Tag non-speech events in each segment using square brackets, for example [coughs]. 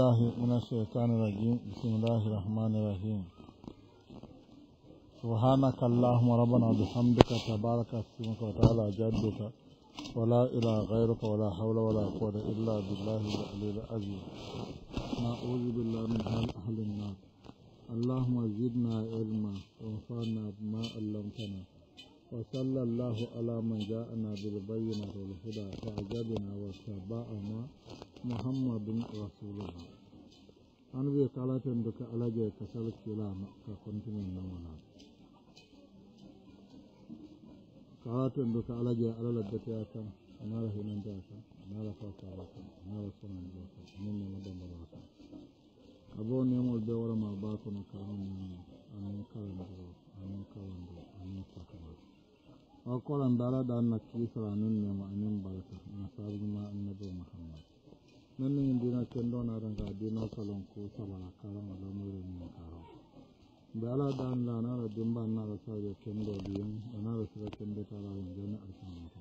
الله من الشيطان الرجيم بسم الله الرحمن الرحيم سبحانك اللهم ربنا بحمدك تبارك اسمك وتعالى جدك ولا إله غيرك ولا حول ولا قوة إلا بالله العلي العظيم نعوذ بالله من حال أهل النار اللهم زدنا علما وانفعنا بما علمتنا وصلى الله على من جاءنا بالبينة والهدى فأجبنا واتبعنا محمد رسول الله an ɓe kala ten do ka alaje ka sal kilama ka continue namana kala ten do ka alaje alala beteya kan anala hinanta kan anala fakara kan anala sonanja kan ninnema dambara kan abo nemol be warama ba kono kaanani anin kalandiro anin kalandiro anin fatama o kolanda ala da anna kiisara anin nema anin barka nasarijuma annabi muhammad Mimi dina kendo na ranga dina salon ko sabala karan alamuri ne karo. Da ala da Allah na da dimba na da sa da kendo biyan na da sa kendo kara yin gani a sama ko.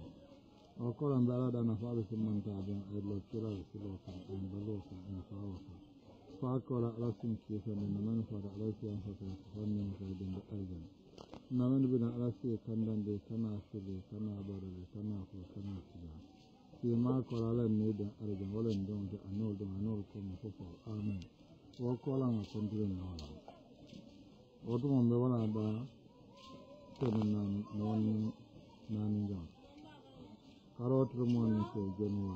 O koran da ala da na fara sun manta bin ai lo kira su lo kan an balo kan an fawo ka. Fa ko la ala sun ke sa ne na man fara ka din da aljan. Na man bin ala su kan dan da kana su da kana bara kana ko kana su فيما قال لن نيد أرجع ولن دون أنور دون أنور كم فوق آمين وقال ما كنت لنا ولا ودوم بولا با تنن نون نان جان كاروت رمون في جنوا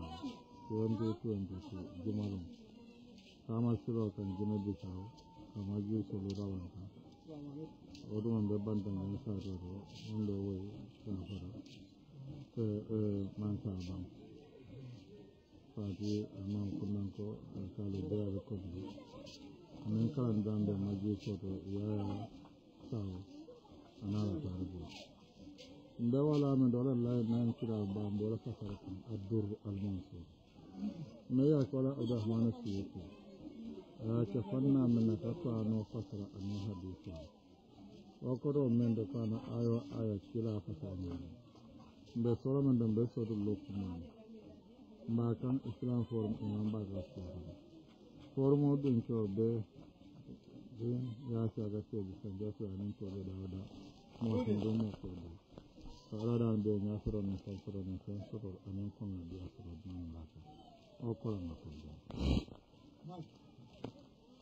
2022 جمالون kama siro kan gina bisau kama ji solo rawanta ودوم ببندن يسارو وندو وي كافر man sa ban fati manko manko kala biraɓe kobdi min kalan dande majji soto yaya sawo anawa tarbo nde walami ɗo oɗon layi nani kira bambo oɗo safara kan addur almanso mi yaki wala abdourahmane siyiki ayake fannamine ka kano fasara ani hadisa wakkoto minde kano ayo aya kila fasamani mbe soromen ɗum ɓe sodu lokkumani Balkan İslam Forumu İmam Bazrası'nda. Forum olduğun çorbe gün yaşaga sevgisi defalarının çorbe dağda muhtemelen muhtemelen. Saradan bir yasırın insan sorun insan sorun anan konu bir yasırın insan bakar. O konu bakar.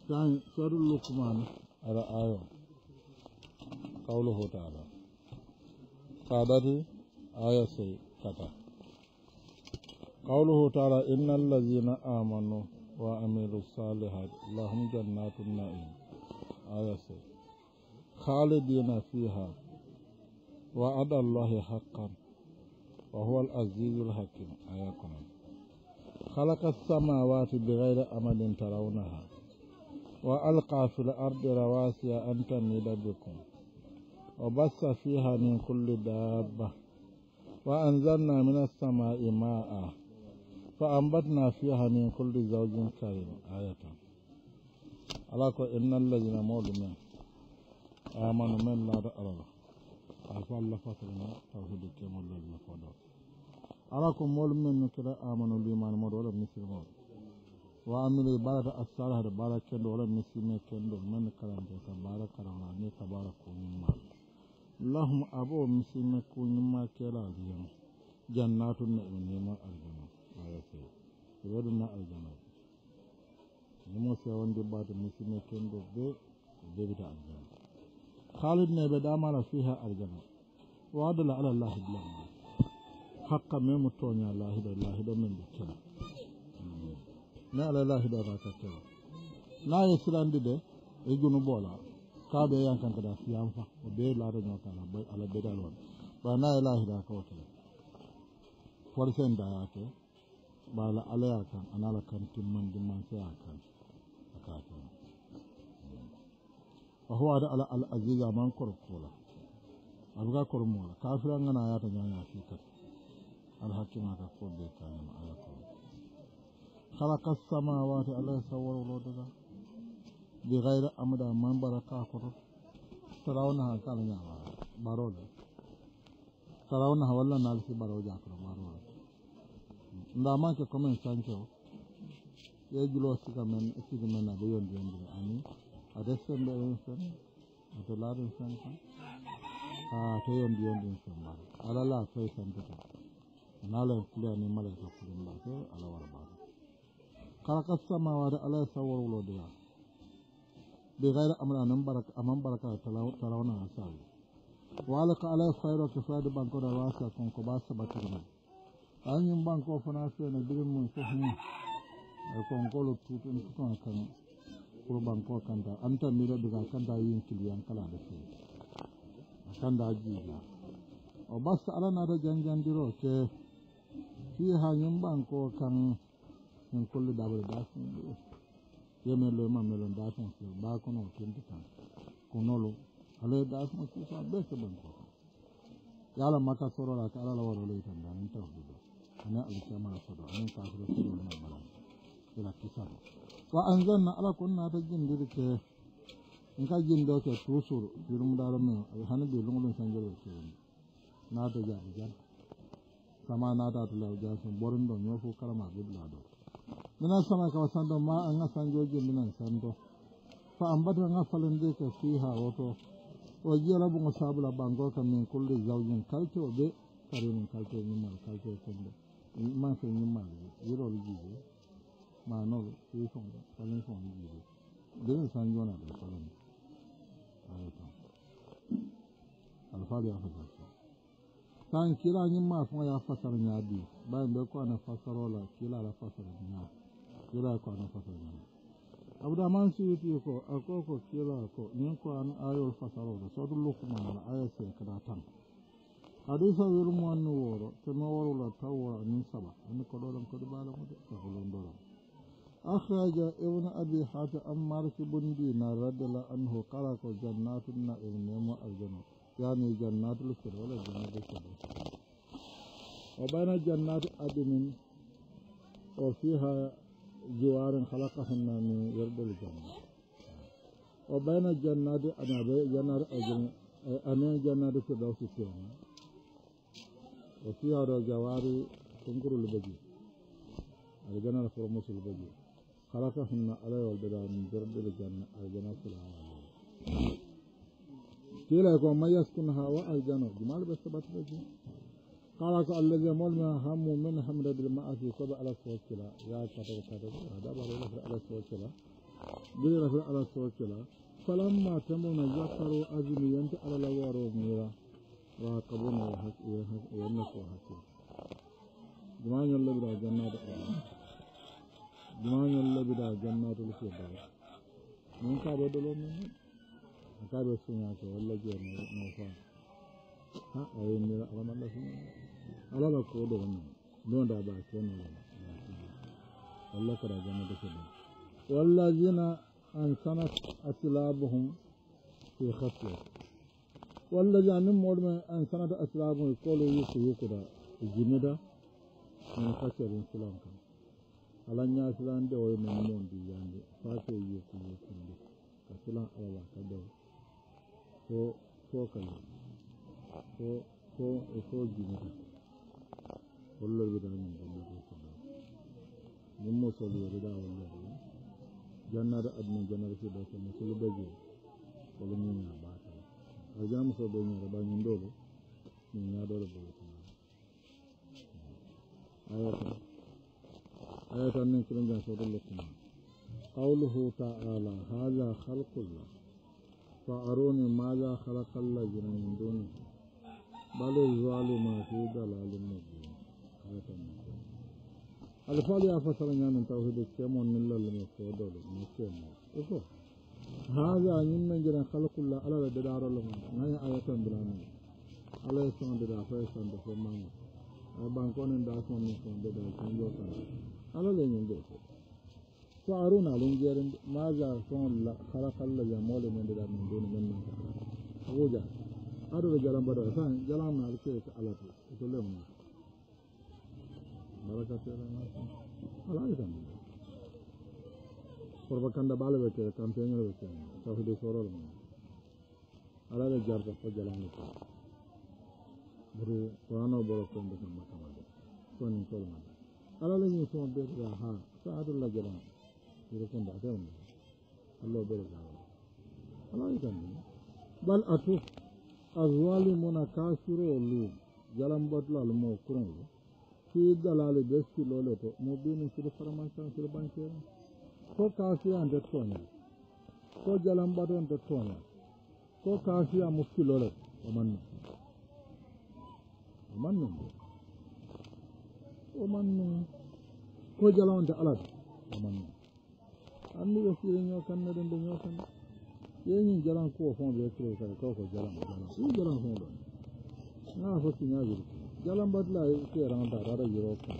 Sen sarı lukman ara ayo. Kavlu hota ara. Sadati ayası kata. قوله تعالى إن الذين آمنوا وعملوا الصالحات لهم جنات النعيم آية خالدين فيها وعد الله حقا وهو العزيز الحكيم آية خلق السماوات بغير أمد ترونها وألقى في الأرض رواسي أن تميد بكم وبث فيها من كل دابة وأنزلنا من السماء ماءً Ka an batana fiya hannu in kalli zaɓi zinari in ɗan Ala ko ina na lalima mulu min. A ina na lalima mulu min na ɗan al'umma. Ala ko mulu min nike da Amadou Loumane Maudou wala Wa aminu ne ba ta Asiara Hedda Bala Kendo wala Missirah Kendo, kalam da ka bar a ni ka bar a ma. Ilahuma abu Missirah kuni ma ke la biyar. Jan na tuni ne wadana aljana nimo sewonde ɓato musidɓe kenɗo be debita aljana halid ne ɓe ɗamala fiha aljana waadala ala lahi bilama hakka memo toña lahiɗo da min ɓe kela ne ala ba raka kela na ye silandi de e junu ɓoola kaɓe yankankada siyan fa o ɓe laata ba ala bedal on ba na da ka wata ye lahiɗa kawtele forcen dayake bala alaya kan anala kan timman dimman sai akan kan wa huwa da ala al aziza man korkola abuga kormola kurmula kafiran gana ya ta jami'a fi al hakima ka ko bai kayan ala kuma khalaqa samawati ala sawwar wulodaka bi ghairi amda man baraka kutu tarawna ha kala nyama baro da tarawna ha wallan nalsi baro jakro baro nda manke commen sanke o yejulo siga men siga men aɓe yondi yondire ani ade sembe en sen ade laaɗen sen kan ha to yondi yondi en sen mbaɗa alala koye santeto nalen kuleyani malayka kulen mbake ala wara mbaɗa kala ka samawade ala e sawworwulodira ɓe gayre amre anen baraka aman baraka talawna ha sawi wala ka ala e fayro ke fayde bankoɗa wasa konko ba sabatiramen anyin bank of nasu na birin mun su hin konkolo tutun tutun kan ko banko kanta an tamira daga kanta yin kiliyan kala da su kan da ajiya o basta ala na da janjan diro ke fi hanyin banko kan yin kullu da bada dasin ye men lo ma melon dasin su ba kono kinti kan kunolo ale dasin su sa bese banko yala maka sorola ka ala la waro le kan da nan tawdu أنا ألسما صدر من كافر سلو من المرام إلى كسر وأنزلنا على كنا تجن ذلك إن كان جن ذلك توسر في المدار من هنا بيلون من سنجر السلام ناتا جاء جاء سما ناتا تلاو جاء سن بورن دون يوفو كرما بلا دو من السماء كوسان دو ما أنا سنجر جن من سنجر فأنبتنا فلندك فيها وتو wajira bunga sabula bango ka min kulli zawjin kalto be karimin kalto min mal kalto kunde man se ni man le yoro le ji le ma no le e fon le pa le fon le ji le de le san yo na le pa le ni ale to alfa de afa ta so tan kila ni ma fon ya fasar nya bi ba be ko na fasaro la kila la fasar nya kila ko na fasar nya abuda man su yi ko akoko kila ko yin ko an ayo fasaro da so duk lokuma na aya sai kada tan hadisa yelu muwanni woro keme worula tawwa nin saba ani koɗoɗon koɗo ɓalamude kahulondoran أخرج ابن أبي حاتم عن مالك بن دينار رضي الله عنه قال جنات النعيم نعم الجنة يعني جنات الخير ولا جنات الخير وبين جنات أدم وفيها جوار خلقهن من يرد الجنة وبين جنات أنا جنات أجن أنا جنات الفردوس الثاني وفيها جواري تنكر البجي الجنة فرموس البجي خلقهن علي والبدع من جرد الجنة الجنة العالمين قيل يكون ما يسكنها والجنة جمال بس بات بجي قالك الذي مول من هم من حمد الماء في صب على السوكلا يا كتب كتب هذا بقول لك على السوكلا بقول لك على السوكلا فلما تمون يكثروا أزمينت على لوارو ميرا راقبونا والنصر حكيم جمعان يلا بدا جنات جمعان آه. يلا بدا جنات الفردوس من كابو دلو من كابو سنياكو ولا جير موفا ها أي ميلا أغنى الله سنيا ألا لا كودو غنى دون دابا كينا لنا كرا جنات الفردوس والذين أنسنت أسلابهم في خصيته walla jahannam moɗumen an sanata asilamu e koolo yuko yukuda e jinnida min kacarin silan kam ala ñasilande oye men mondi yande fase yuku yukunde ka silan alala ka ɗo fo fo kala fo fo e fo jinnida hollol wiɗa min gollede kono min musol yoriɗa wollede jannata admin jannata fiɗa kono solo daji wala ñiñaba a jamuso ɓe ñere bañen ɗole min ñaɗole boyta ayatan ayatan nen kiɗen jan soɗo lekkuma qawluhu taala haha halqullah fa aruni maha halaka allazina min dunihi بل الظالم في ضلال مبين الفال يا فسر يعني توحيد الكيمون من الله المفروض له من الكيمون haza yin nan gina khalqu ala da daro lo mun na ayatan da ala ya da fa san da fa man ay ban ko da san ni san da da san yo san ala le nyin de ko arun alun gerin ma za san la khalqa ya mole men da nan don nan nan ko aro da jalan bada san jalan na ke ala to mun ala Propaganda bale bekler, kampanya bekler. Tavhide soralım. Alale jar kapta jalan bekler. Buru Kur'an'a boroktan bekler makamadı. Sonin sormadı. Alale yusuf bekler ha. Sa'adullah jalan. Yurukun da atar mı? Allah bekler. Allah yıkandı. Bal atuf. Azvalimuna kasuru lu. Jalan batlalı mu kuranlı. Fi dalali deski loleto. Mubinin sürü faramanstan sürü bankaya. ko kaasiyante tooña ko jalambatonte tooña ko kaasiya mu filo le o man nuŋ o man nuŋ o man nuŋ ko jalawonte ala de o man nuŋ anndi yo fiye ñoo kan ne ɗen ɓe ñoo kan yeñin jalan kuwo fon ɓe kire kare kaw ko jalan jalan ɗum jalan fon ɗon naa fo siñaajiri jalan batla keeranta taɗa yiro kan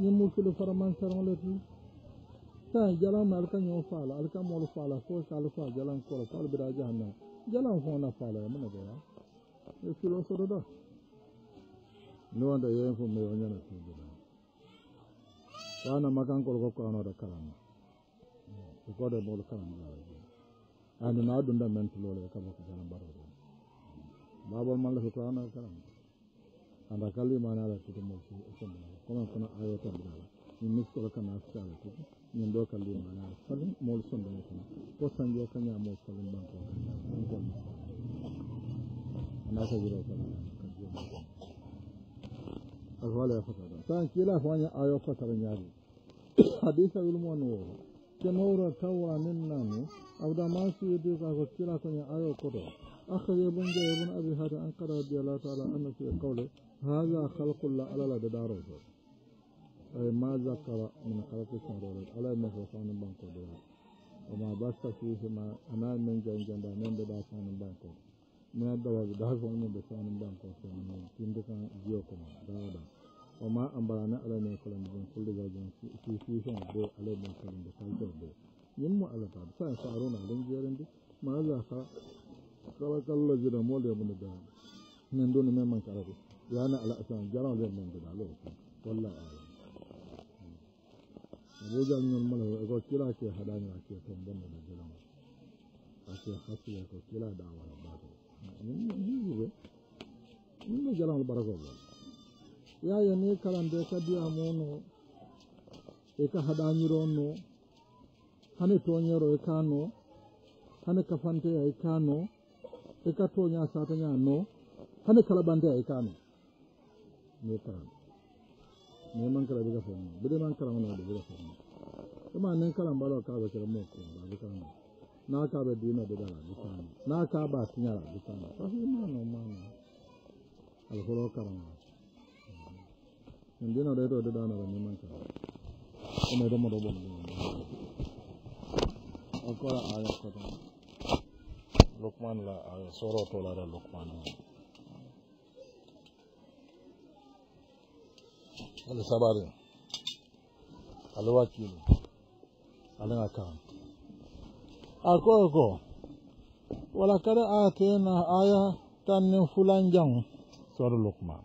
ñemmu kilo faraman saraŋole tu tan jalan na alka ñoo alka moolu faala fala jalan ko fal alu bidaa jahannama jalan na fala ya mene boya e kilo sotoda ni wanda yeyen fo meyo ñana tuubida na makan kolo ko kaanoda kalama ya, ko kode moolu kalambaala je ani naa dunda men tuloole e kabako jalambaro de baabol malla ko kaanoda kalama anda kali mana ada ko e kono kono ayata dala min miskolo kana sala ko min do kalli mana salin mol sondo ko ko sanje kanya mo salin banko ko na ko jiro ko alwala ya fata tan kila fanya ayo fata nyaabi hadisa wilmo no kemawra tawa nin nanu awda masu yadda ka ko kira ko ne ayo kodo akhari ibn jarir ibn abi hada an qara bi allah ta'ala annahu yaqulu hadha khalqu la ala da daro ما ذكر من خلق السماوات على ما هو فان بانكو دولا وما بس فيهما أنا من جن جن من بدا فان بانكو من الدواء ده فان من بفان بانكو فان تندك جيوكم دابا وما أمبرنا على ما كلام من كل جن في في فان دو على ما كلام بتاعه دو يمو على بعض فان سارونا لنجيرندي ما ذكر خلق الله جل مولى من دابا من دون ما من كلامه لأن على أساس جرى لمن بدالو والله أعلم abuja ñommala ko kila ke haɗani ake ton bonno da jirama ake hasiya ko kila da wala bato hiɓe min no jalamal barako bol yaya ni kalande ka diyamono e ka haɗaniro no hane toñero e ka no hane kafanteya e ka no e ka toña sataña no hane kalaɓanteya e ka no ni kalande ne man kala bɛ ka faamu bɛ man kala mana bɛ ka faamu kuma ne kala balo ka bɛ kala mo ko ba bɛ kala na ka bɛ dina bɛ dala bɛ kala na ka ba tinya la bɛ kala fa fi ma no ma no al holo kala ma ndina da to da na ne man kala kuma da mo do bo akora aya ko lokman la aya soro to la da lokman ala sabarin ala wakilu ala nga kan ako ko wala kada atena aya tannin fulan jan sor lukman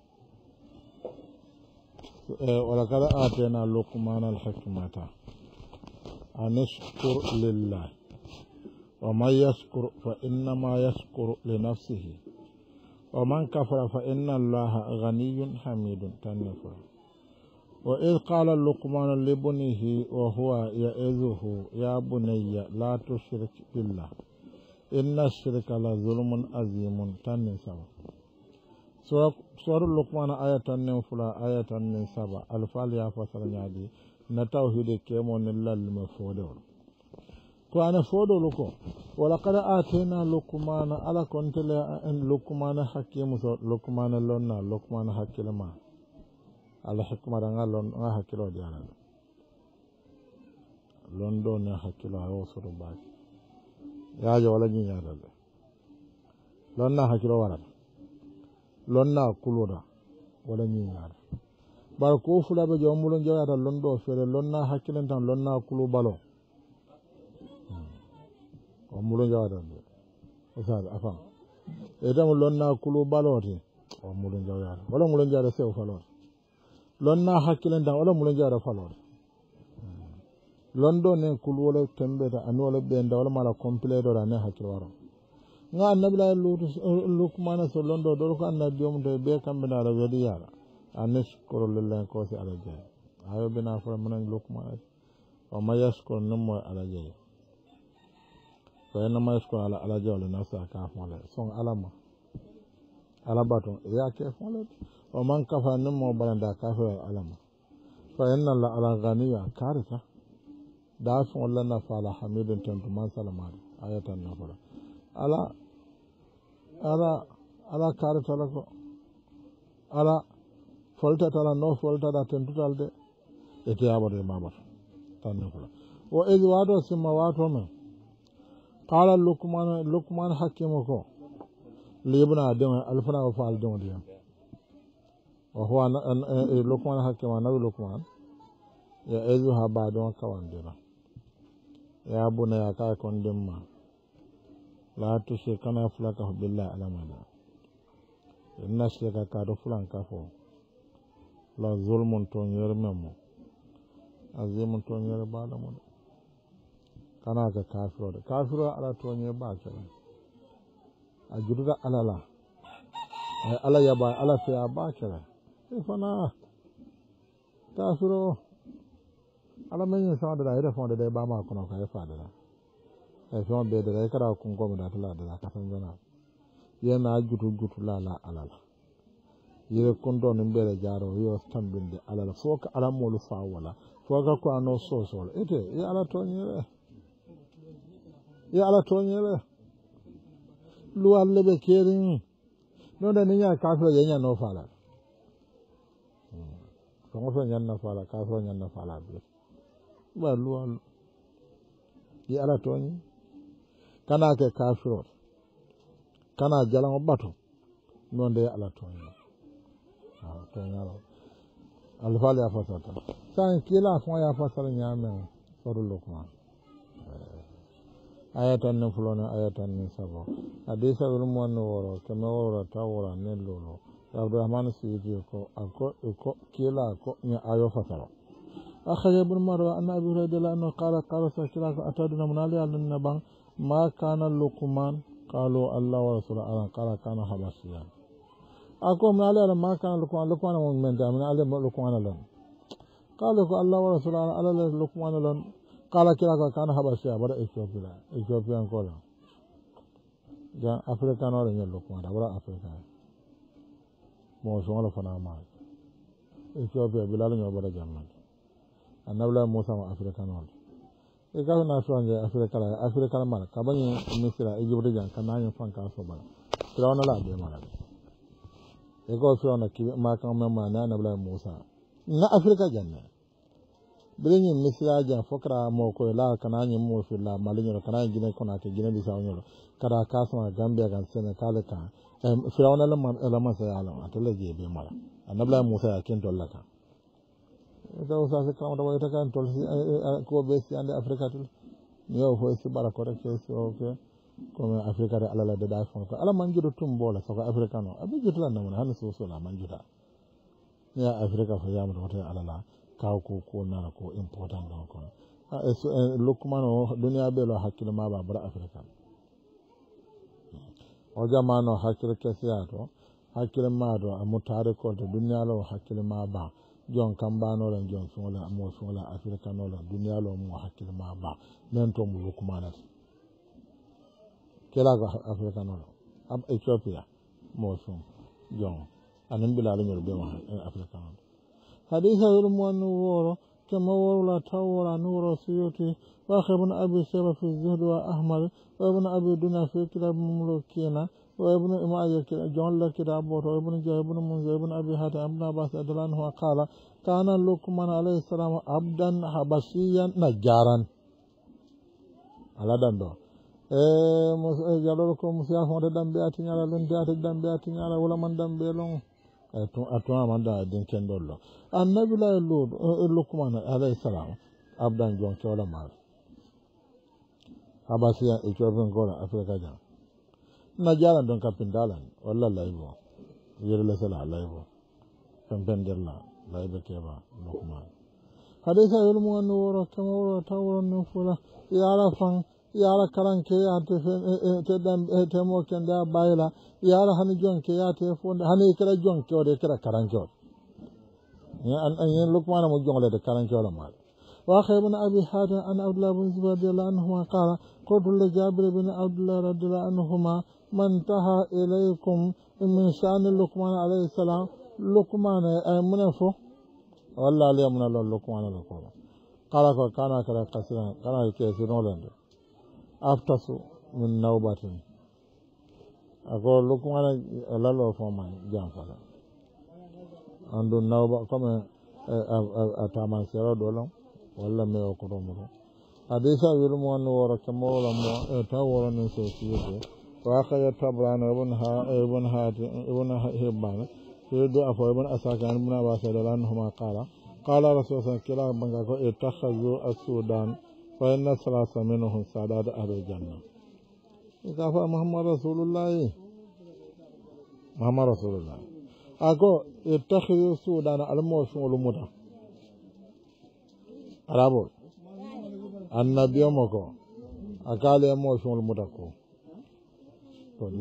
wala kada atena lukman alhikmata an ishkur lillah ومن يشكر فإنما يشكر لنفسه ومن كفر فإن الله غني حميد تنفر wa id qala luqmanu libunihi wa huwa yaizuhu ya bunayya la tushrik billah inna ashrika la zulmun azimun tannin saba suwaru luqmana aya tannin fula aya tannin saba alfal ya fasara ñaadi na tawhide kemonillallima foodewol ko ana foodolu ko walakad atayna luqmana ala kontele luqmana hakkimu so luqmana lonna luqmana hakkile ma ala h i k m a r a nga lon nga h a k i l o jara ɗ u londo n a h a k i l o ha w o s o r o b a a yaajo wala ñiñata de lonna h a k i l o w a r a t lonna k u l o r a wala ñiñata b a r ko fulaɓe jo mulo n j a y a t a londo f e r e lonna h a k i l e n tan lonna kulu balo o mulo j a y a t a n de o s a a d a f a e d a m o lonna kulu balote o mulo j o y a r a wala mulo j o y a r a sew f a l o lonna hakkilen tan wala mulen jara falode londo ne kulwole tembeta ani wole ɓenda wala mala do ran hakkil waro ga annabila lukmana so londo do ko annabi jomum to ɓe kamɓe nara weeli yara anis koro ko kosi ala jeeyi ayo bina fora minen lukmana o mayas ko nommo ala jeeyi en mayas ko ala ala jeewle nasa ka fonle son alama alabaton ya ke fonlede o man kafa mu mo balanda kafira alama fa inna la ala ganiya karita da sun wallan na fala hamidun tantuman salama ayatan na fara ala ala ala karita la ko ala folta tala no folta da tantutal de ete yabade mabar tan na fara wa idh wado simma wato min qala lukman lukman hakimuko libna adama alfana wa fa'al dama diyam وهو لقمان حكيم نبي لقمان يعزها بعدون كواندرا يا بني أكاكم دمّا la ba ifana k'a sɔrɔ ala ma ɲin sɔn a da la a yɛrɛ fɛnw de la i b'a ma kɔnɔ k'a ye fa de la a ye fɛnw bɛɛ da la i kɛra kun kɔ min na a tila a da la ka fɛn jɔna yɛ n'a jutu jutu la la ala la yɛrɛ kundɔ nin bɛɛ de jaara o yɛrɛ tan bɛ di ala la fo ka ala m'olu fa wala fo ka ko a n'o sɔ sɔrɔ e tɛ i ala tɔ ɲɛ dɛ i ala tɔ ɲɛ dɛ luwa lebe kiri n'o tɛ ni n y'a k'a sɔrɔ yɛn n'o fa la. fɛn o fɛn yan nafa la k'a sɔrɔ yan nafa la bi ba ala tɔni kana kɛ kafiro kana jalan bato non de ala tɔni tɔnya la alifali y'a fɔ ta san kila fɔ y'a fɔ sara ɲaamɛ sɔrɔ lokuma aya tan ni fɔlɔ ni aya tan ni saba a disa bɛ mɔni wɔɔrɔ kɛmɛ wɔɔrɔ ta wɔɔrɔ ne lolo abdourahmane suyuti ko ako ko kila ko ñe ayo fasaro أخرج ابن مروة أن أبي هريرة أنه قال قال سكرا أتدنا من علي على النبان ما كان لقمان قالوا الله ورسوله أنا قال كان أكو من علي ما كان لقمان لقمان من من علي لقمان الله على لقمان قال كلا كان برا إثيوبيا إثيوبيا جان أفريقيا نورين لقمان برا أفريقيا mo soŋolo fana maari ethiopia bilal ñoo bada jannati annabila musa ma africanol e kafe na soñje africala africala mala kabañi misira e jibuti jan kanañi fanka sobala na la be mala e ko firawna kibe ma kan men ma ne annabila musa na africa janne beleñin misila jan fokara mo koy e la kana ñin mo filla maliñoro kana ñin e jine kona ke jine bisaw ñoro kada kasma gambia gan senegal ka em firawon elman elman sa yalo atele je be mala anabla musa ya kento la ka da usa se kam da wayta kan tol e, ko be si ande afrika tul yo fo si bara ko rek si o ke comme afrika re alala de da fon ko ala man jido tum bola so ko afrika no abi jitla na mun hanu so so la man jida ya afrika fo jamu to alala kako ko nana ko important kan kono lokkumano duniya ɓe lo hakkille ma ɓa bara afrique o jamano hakkille kesiya to hakkille ma to a muttare kolto duniya lo hakkille ma ba jon kambanolen jon fiŋole mo fiŋole africanole duniya lo mo hakkille ma ba men to mo lokkumanata kelako africanole ab éthiopia mo fiŋ jon anin ɓilaluñol ɓe mo africanole hade hewir mowanni wooro tema worla taw wora ni woro siyoti wa kebn abi sera fi zuhdi wa ahmad wa ibn abi dunya fi kilab mumlo kina wa ibn imaje jonle kida boto wa ibn jah ibn munzi ibn abi hati abn abas adala anhu aqala kana lukman alayhi salam abdan habasiyan najaran ala dan do e jalol ko musiyafonde dambe a tiñala lun de ate dambe a tiñala wala man dambe long atuama da din ken ɗollo annabilaye luuɗo lukkumana alayhi salam abdan jon kewla maaro habasiya e cofen gola afrika jan na jaran don kappindalan walla laybo yerlesela laybo pempenderla laybe keɓa lukman hadisa yol mu wanni woro kema woro taw woron nin fula yara fan te karanke te mo kende da bayla yara hani jonke yate fonde hani ke o de kira karan ode لقمان مجملة كان جولا مال وأخي بن أبي حاتم أن عبد الله بن زبير رضي الله عنهما قال قلت لجابر بن عبد الله رضي الله عنهما من انتهى إليكم من شأن لقمان عليه السلام لقمان أي منفو والله لي من الله لقمان لقمان قال كان كان كثيرا كان كثيرا لند أفتسو من نوبة أقول لقمان الله فما جام فلا an don na ba kama eh, a taman sera dolan wala ko okoro muru a dai sa wiri mu wani wara kama wala mu a eh, ta wara ne sau su yi ko wa ka yi ta bura na ibun ha ibun ha ibun ha ba ne sai yadda a fa ibun asa ka muna ba sa da lan huma kala kala da su san kila banga ko a eh, ta ka zo a sudan fa yi na salasa mini hun sada da abu janna. ka fa muhammadu rasulullahi muhammadu rasulullahi ako ittakhidhu sudana almoshuŋolu muta arabo annabiyo mo ko akaala ye moshuŋolu muta ko todi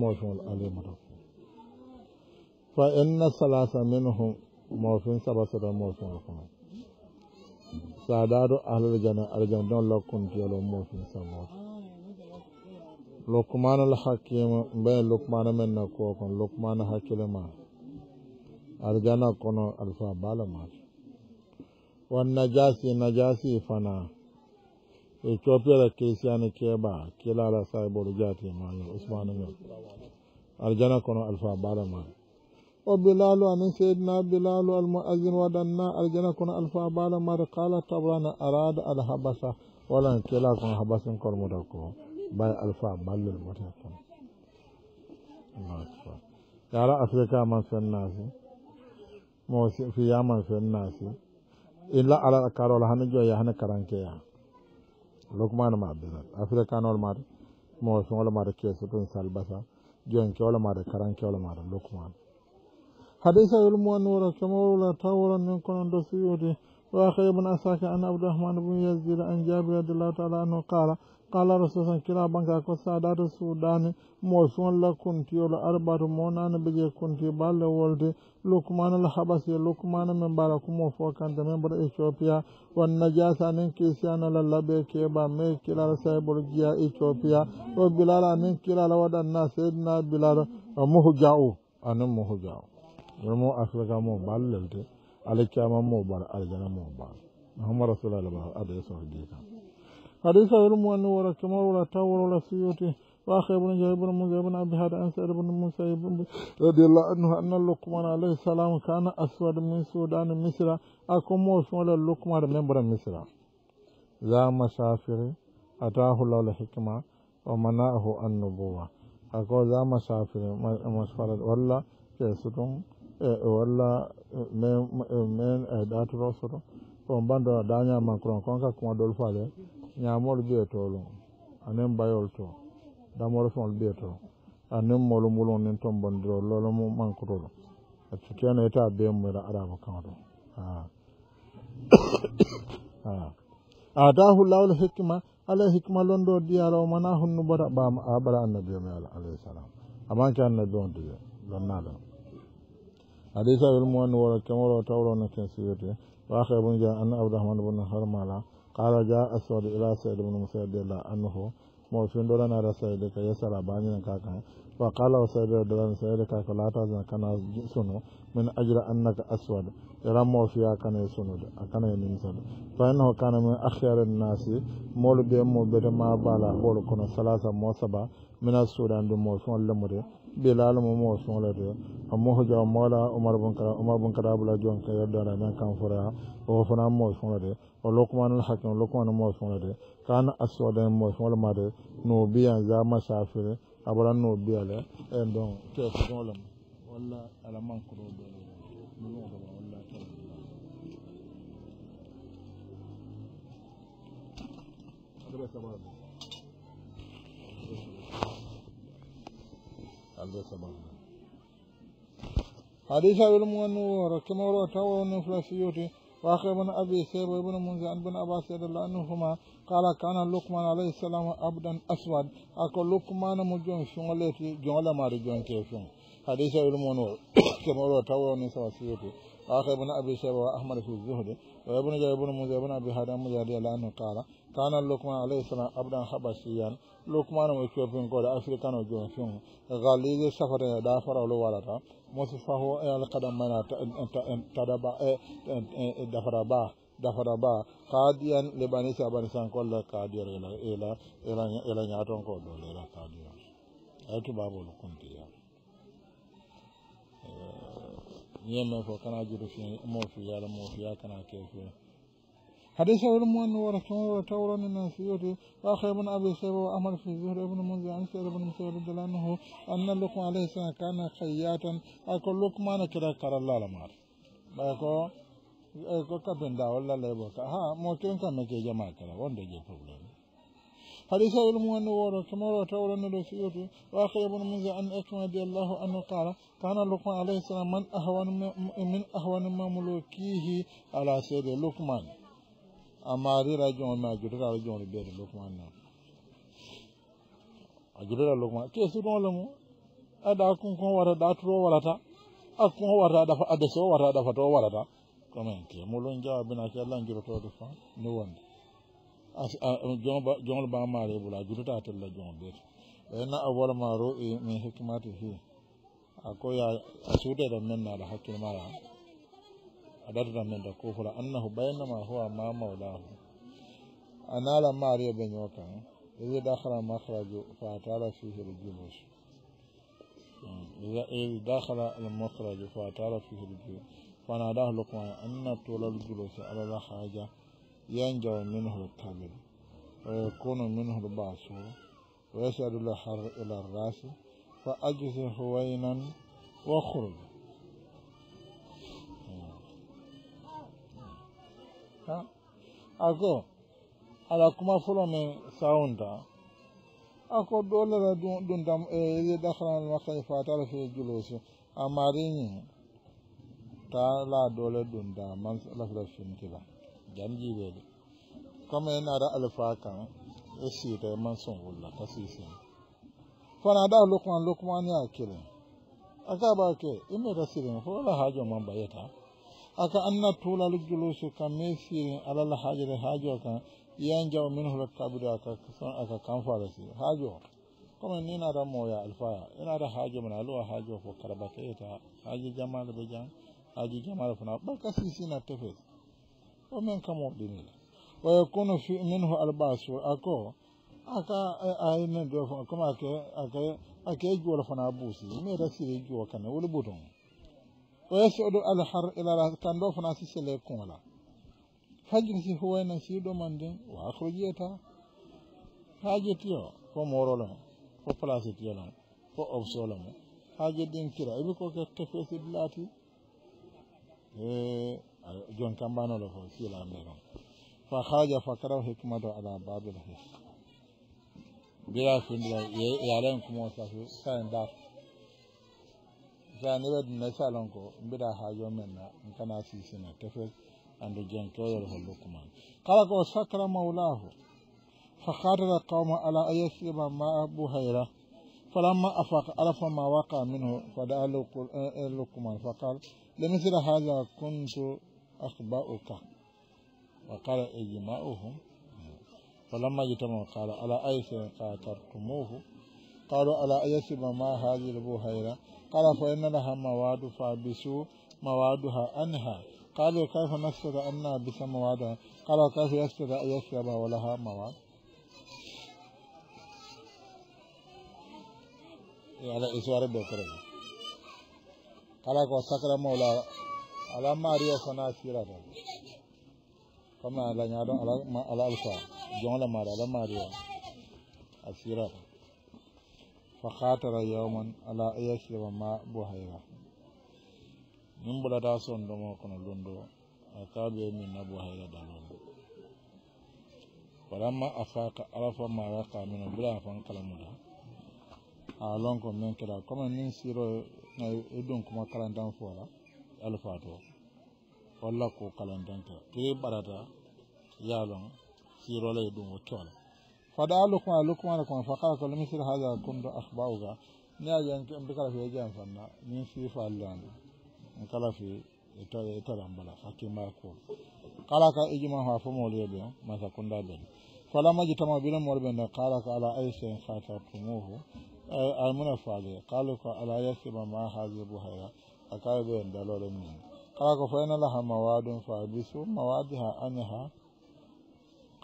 moshuŋolu ali muta ko fa inna salasa minhum mofin saba saba moshuŋolu kono saadaado ahlal jana arjan don la kuntiyolo mofin samoto lokmanul hakim mbe lokmana men na ko kon lokmana hakilema arjana kono alfa balama wan najasi najasi fana e copia la kesiani keba kila la saibol jati mayo usmanu men arjana kono alfa balama o bilalu anin seydina bilalu almuazin waɗanna aljana kono alfa balamar kala tabrana arada alhabasa walan kila kon habasin kormuda ko bayan alfa ballul matakan Allah akbar yara afirka man sanna su mo fi yaman sanna su illa ala karol hana ya hana karanke ya lokman ma abdullah afirka nol ma mo so wala ma da kesu tun salbasa jon ke wala ma da karanke wala ma da lokman hadisa yul mo nura kamawla tawran min kono do وآخر من أساك أن عبد الرحمن بن يزيد أن جابر رضي الله تعالى عنه قال قال رسول الله كلا بانكا كو سادات السودان موسون لا كنت يول أربعة مونان بجي كنت بال ولد لقمان الحبسي لقمان من بارك موفو كانت من بر إثيوبيا والنجاسة نين كيسيان للبي كيبا مي كلا سيبر الجيا إثيوبيا وبلال نين كلا لود الناس سيدنا بلال ومهجاو أنا مهجاو يمو أفريقيا مو باللتي alkiyama mo bara aljana mo bara muhammad rasulullah ba ada so hadisa hadisa wal muwanni wara kamar wala tawar wala siyuti wa khaybun jaybun mun jaybun abi hada an sa'id ibn musa ibn radiyallahu anhu anna luqman alayhi salam kana aswad min sudan misra akomo wala luqman min bara misra za masafiri atahu lawl hikma wa mana'ahu an-nubuwah ako za masafiri masfarat walla ke sutun E, e walla min ɗaati ro soto on bando daña makron kon ka kuma dol fale ñamol biyetolu anin bayol to damol fol biyeto anin molu mulu nin ton bondiro lolo mu mankurolu cutiyana ita be mura arabu kanto a da hullawul hikima ala hikima londo diyara o mana hunnu bara ba abara annabiyo mi ala alayhi salam amanke annabiyo on diye lonnaɗon حديث أبي المؤمن والكمال وتورى نكين سيرته وآخر بن جاء أن عبد الرحمن بن حرملة قال جاء أسود إلى سعيد بن مسعود أنه موفين دولنا على سعيدك يسأل بانين كاكا وقال سعيد دولنا سعيدك لا تزن كان سنو من أجل أنك أسود يرى موفيا كان يسنو كان ينسل فإنه كان من أخيار الناس مول بيمو بيت ما بالا بول كنا ثلاثة موسبة من السودان دمو فون لمره bilal mo mo solete ammo ja mala umar bin kara umar bin kara bula jon ka yadda na men kan fura o fana mo solete o lokman al hakim lokman mo solete kan aswada mo solete made no biyan za masafir abara no biyale en don ke solam walla ala man ko do no do walla ta حديث ابن منور كما روى تاون في السيوطي واخر بن ابي سير وابن منذر عن بن عباس رضي الله عنهما قال كان لقمان عليه السلام عبدا اسود اكو لقمان مجون شغلتي جون ما رجون كيفون حديث ابن منور [coughs] كما روى تاون في السيوطي واخر ابي سير واحمد في الزهد وابن جابر بن منذر بن ابي هريره رضي الله عنه قال kana lukman alayhi salam abdan habasiyan lukman mo kyopin ko da african o jonfin galize safara da fara lo walata musfahu al qadam mana tadaba dafara ba dafara ba qadiyan libani saban san ko la qadiyar ila ila ila ila nyaton ko do ila qadiyar aytu babu kunti ya yemma fo kana jiru fi mo fi yala mo fi kana ke fi حديث أبي المؤمن ورحمه وتورا الناسيوتي وأخي بن أبي سيبة وامر في زهر ابن منذر عن سير ابن مسير رضي الله عنه أن لقمان عليه السلام كان خياطا أقول لقمان كلا كرا الله لمار بأكو ko kapinda walla lebo ka ha mo ken kam ke jama kala بروبلم حديث أبي المؤمن وورا كما روى تورا الناسيوتي وأخي ابن منذر عن أكرم رضي الله عنه قال كان لقمان عليه السلام من أهون من أهون مملوكيه على سيد لقمان amaari rira jɔn mɛ a jotira a jɔn bɛɛ de lokuma na a jotira lokuma ke su dɔn lemu a da kun kun wara da turo warata a kun wara da a da so wara da fato warata kɔmi ke mulun ja bina kɛ lan jurutɔ de fa ne wani jɔn ba maare bolo a jurutɔ a tɛ la jɔn bɛɛ de ɛna a wala maaro min hikimati hi a ko ya a su de da mɛn na da hakilima la أدرنا من ركوفرا أنه بينما هو أمام مولاه أنا لما أري بن يوكا إذا دخل المخرج فأتال فيه الجلوس إذا دخل المخرج فأتال فيه الجلوس فناداه لقمان أن طول الجلوس على الحاجة ينجو منه الكبد ويكون منه الباس ويسأل الحر إلى الراس فأجز هوينا وخرج a ko ala kuma fɔlɔ min saunda. ta a ko dole la dunta ye dakhalan al-maqayi fa tala fi julusi amari ni ta la dole dunda man lafla fintila janji be de kuma yana e da alfa kan ya e shi ta man son wulla ta sisi fana da lukman lukman ya kire aka ba ke in da sirin. fo la hajo man bayata aka anna tulal julusu kan min sirin alal hajire hajo kan yan jawo min hula kabudu aka son aka kanfa da shi hajo kuma ni na da moya alfaya ina da hajo mana alwa hajo ko karbake ta haji jamal bijan haji da fana ba baka sisi na tafe ko men kamo dinila wa yakunu fi minhu albasu ako aka ayi men do kuma aka aka aka yi juwal fana busi me da siri juwa kana wani butun ويسعد الحر إلى رأس كان دو فناسي سليكم ولا فجر سي هو نسي دو مندين وأخرجيتا حاجتيو فمورولم فبلاسيتيولم فأبسولم حاجة دين كرا إبكو كتفيس بلاتي إيه. جون كامبانو لفو سيلا ميرون فخرج فكره حكمته على باب الحس بلا فندلا يعلمكم وصفه كان دار كان يبدو أن سالونكو بدا حاجو منا كان أسيسنا كفر أن رجان كيور هلوكما قال قو سكر مولاه فخارر قوم على أيس إمام أبو هيرة فلما أفق عرف ما وقع منه فدعا لكما فقال لمثل هذا كنت أخبأك وقال إجماؤهم فلما اجتمعوا قال على أيس قاتلتموه قالوا على أي سبب ما هذه البحيرة قال فإن لها مواد فابسوا موادها أنها قالوا كيف نستطيع أنها بس موادها قالوا كيف يستطيع أن يشرب ولها مواد على يعني إسوار بكرة قالوا سكر مولا على ماريا فنا سيرا كما على على الفا جون على ماريا على ماريا أسيرا fa katara yawman ala ayakrima ma bo hayra min mbaɗata sondomo kono londo akaɓe e min na bo hayra da londo walamma afaka arafa ma waka mino bila fan kalamuda a lonko min keɗa comme min siro e ɗum kuma kalantan fola alfato walla ko kalantan ke tiri ɓaɗata yalon sirola e ɗum o cola فدعا لقمان لقمان لقمان فقال كل مثل هذا كنت أخبأك نيا أنك بكرة في أجان فنا من في فعلان يعني. كلا في يتلم بلا فكما يقول قال كا إجماع فمول يبين ماذا كنت أبين فلما جتمع بنا مربين قال على أي شيء خاتمتموه أي من فعلي قالوا على يكتب ما هذه بحيرة أكاي بين دلول منه قال فإن لها مواد فأبسوا موادها أنها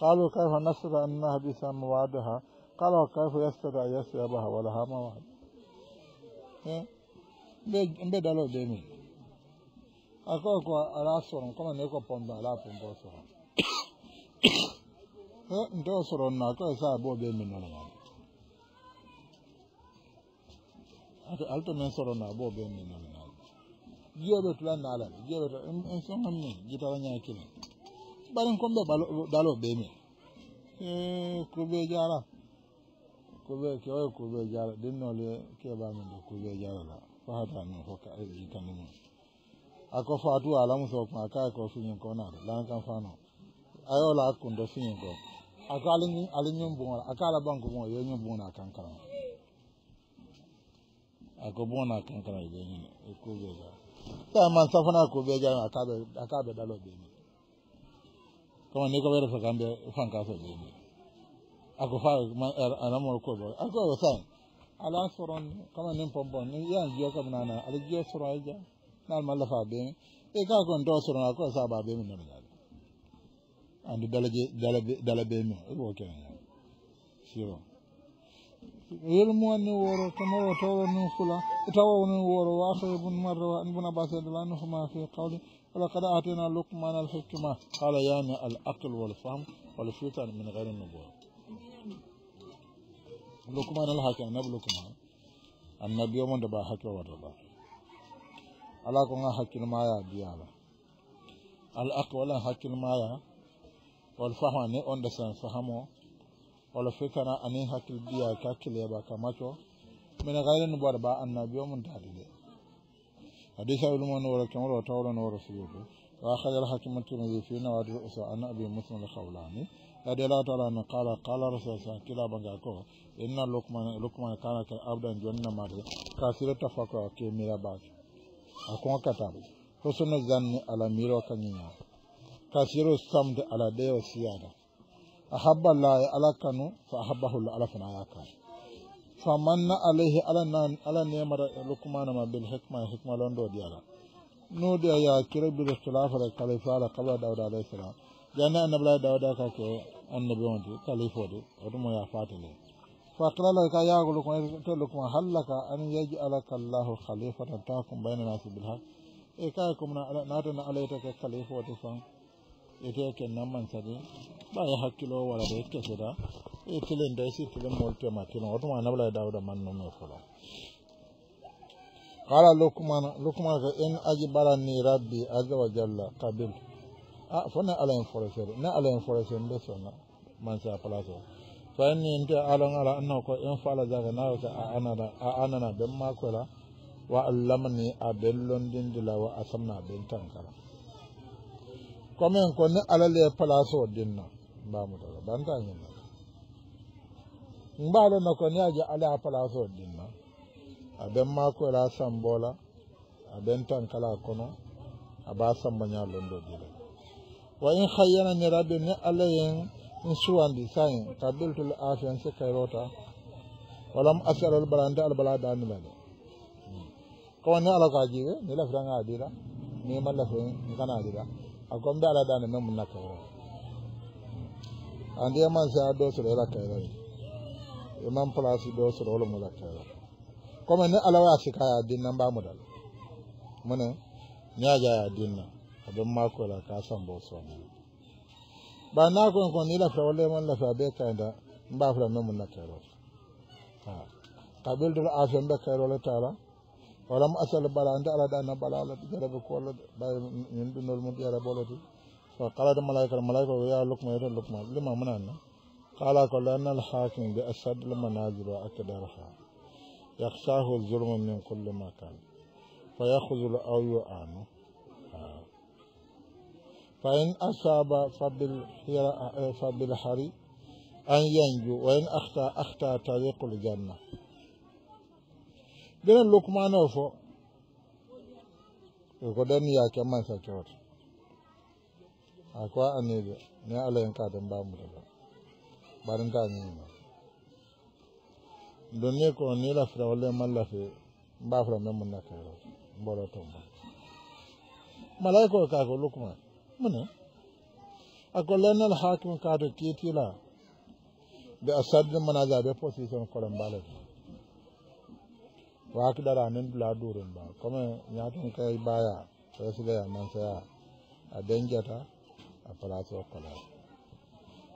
قالوا كيف نصر أن نهدث موادها قال وكيف يستر أن يسيبها ولها مواد mbe dalo be min ako ko ala soron kono ne ko pondo ala pondo soron he ndo soron na ko sa bo be min nono ma ako alto men soron na bo be min nono ma jiyo be tulan na ala jiyo be en son amni jita wanya kilen barin komɓe ɗaloɓe min jara kurɓe kewaye kurɓe jara ɗinnole keɓamin ɗo kurɓe jarala fahata min hokka yitani min ako fatu alamuso kuma kaye ko fiñin na lan ko aka ala banque bugo yo ñum bugona kankaran jara eh, jara kama niko vero fakambia fankaso jini akufaa anamol kobo akoyo san ala soron kama nin pompon ni yan jiyo kam nana ala jiyo soron aja nal malla fa be e ka kon do soron ako sa ba be min ngal andu dalaje dalabe dalabe mi e wo ken siro yel mo ni woro kama wo toro ni fula Itawo ni woro wa fa ibn marwa ibn abbas radhiyallahu anhu fi qawli ولقد آتينا لقمان الحكمة قال يعني العقل والفهم والفطر من غير النبوة لقمان الحكمة نبي لقمان النبي يوم دبا حكمة ودبا على كون حكمة ما يا ديالا العقل ولا حكمة ما يا والفهم أني أندسان فهمه والفطر أني حكمة ديا كاكلي بكا ماتو من غير النبوة دبا النبي يوم داري حديث أبي المؤمن والكمال نور سيوف واخذ الحكم الترمذي في نوادي الأسرى عن ابي مسلم الخولاني رضي الله تعالى عنه قال قال رسول الله صلى الله عليه وسلم ان لقمان لقمان كان عبدا جنن مريم كثير تفكر كميرا باك اكون كتاب حسن الظن على ميرا كنيا كثير الصمد على ديو سيادة احب الله على كنو فاحبه الله على فنايا كان famanna alaihi ala nemata e lukkumanama bil hikma hikma londo no nuude ya kire bil ihtilafa la kalifa ala kabla dawda alaihi salam jani annabila dawda ka ke annabi onti kalifa de otumo ya fatile fakilala ka ya gulu ko to lukuma halaka an yaji yaj'alaka allahu khalifatan takum bayna nas bil haq e ka kum na kay komna natana alayta ka kalifa wati fan ete ken namman sadi ya e hakilo wala de keseda e tilen da si tilen molte ma tilen wato ma nabla dawda man no no folo qala lukman lukman ka en ajbara ni rabbi azza wa jalla qabil a fona ala en folo fere na ala en folo fere be sona man sa palaso to en ni nte ala ala anna ko en fala zaga na ka a anana a anana ben ma ko la wa allamani a bellon dindila wa asamna ben tankara komen ko ne ala le palaso dinna ba mu daga banta ta mbalo na ko ni aje ala palaso dinna a aben mako la a sambola aben tankala kono aba sambanya londo dile wa in khayyana ni rabbi ni alayen in suwandi sayin kabiltul afiyan se kairota walam asar al balanda al balada ni bale ko ne ala ka jiwe ne la franga adira ni malla fe ni kana adira akombe ala dane memunna kairo andi man sa do sura la kairo imam place ɗo soɗo wolo mula kewa comme ni alawa sika ya dinna mbamudal mune ñaja ya dinna aɓen makola ka sambo sona na nakon kon ni lafa wala man lafa ɓe kayda mbafula men munna kerol kaɓildol afen ɓe kerole tala walam asal bala nde ala ɗana bala ala jarabe ko walla ɓay min ɗunol mum ƴara boloti so kala de malaika malaika ya lukma yeto lukma lima munanna قال أن الحاكم بأسد المنازل وأكدرها يخشاه الظلم من كل مكان فيأخذ الأوي عنه فإن أصاب فبالحري أن ينجو وإن أخطأ أخطأ طريق الجنة بين لقمان وفو يقولون يا كمان سكوت أكوا أنيد نعلم كاتم بامرنا barinta ñiŋ ma don ni ko ni lafita walla ye maŋ lafi n b'a fora meŋ muŋ na kaaro n boro to ma malayikoo kaa ko olu kuma mune a ko lennal hakimu kaa to kiiti la be a sardi manaja a be position kolon baale to waaki dara aniŋ dulaa duurin ba comme ñaatum ya baaya ya mansaya a denjata a palasoo kolaa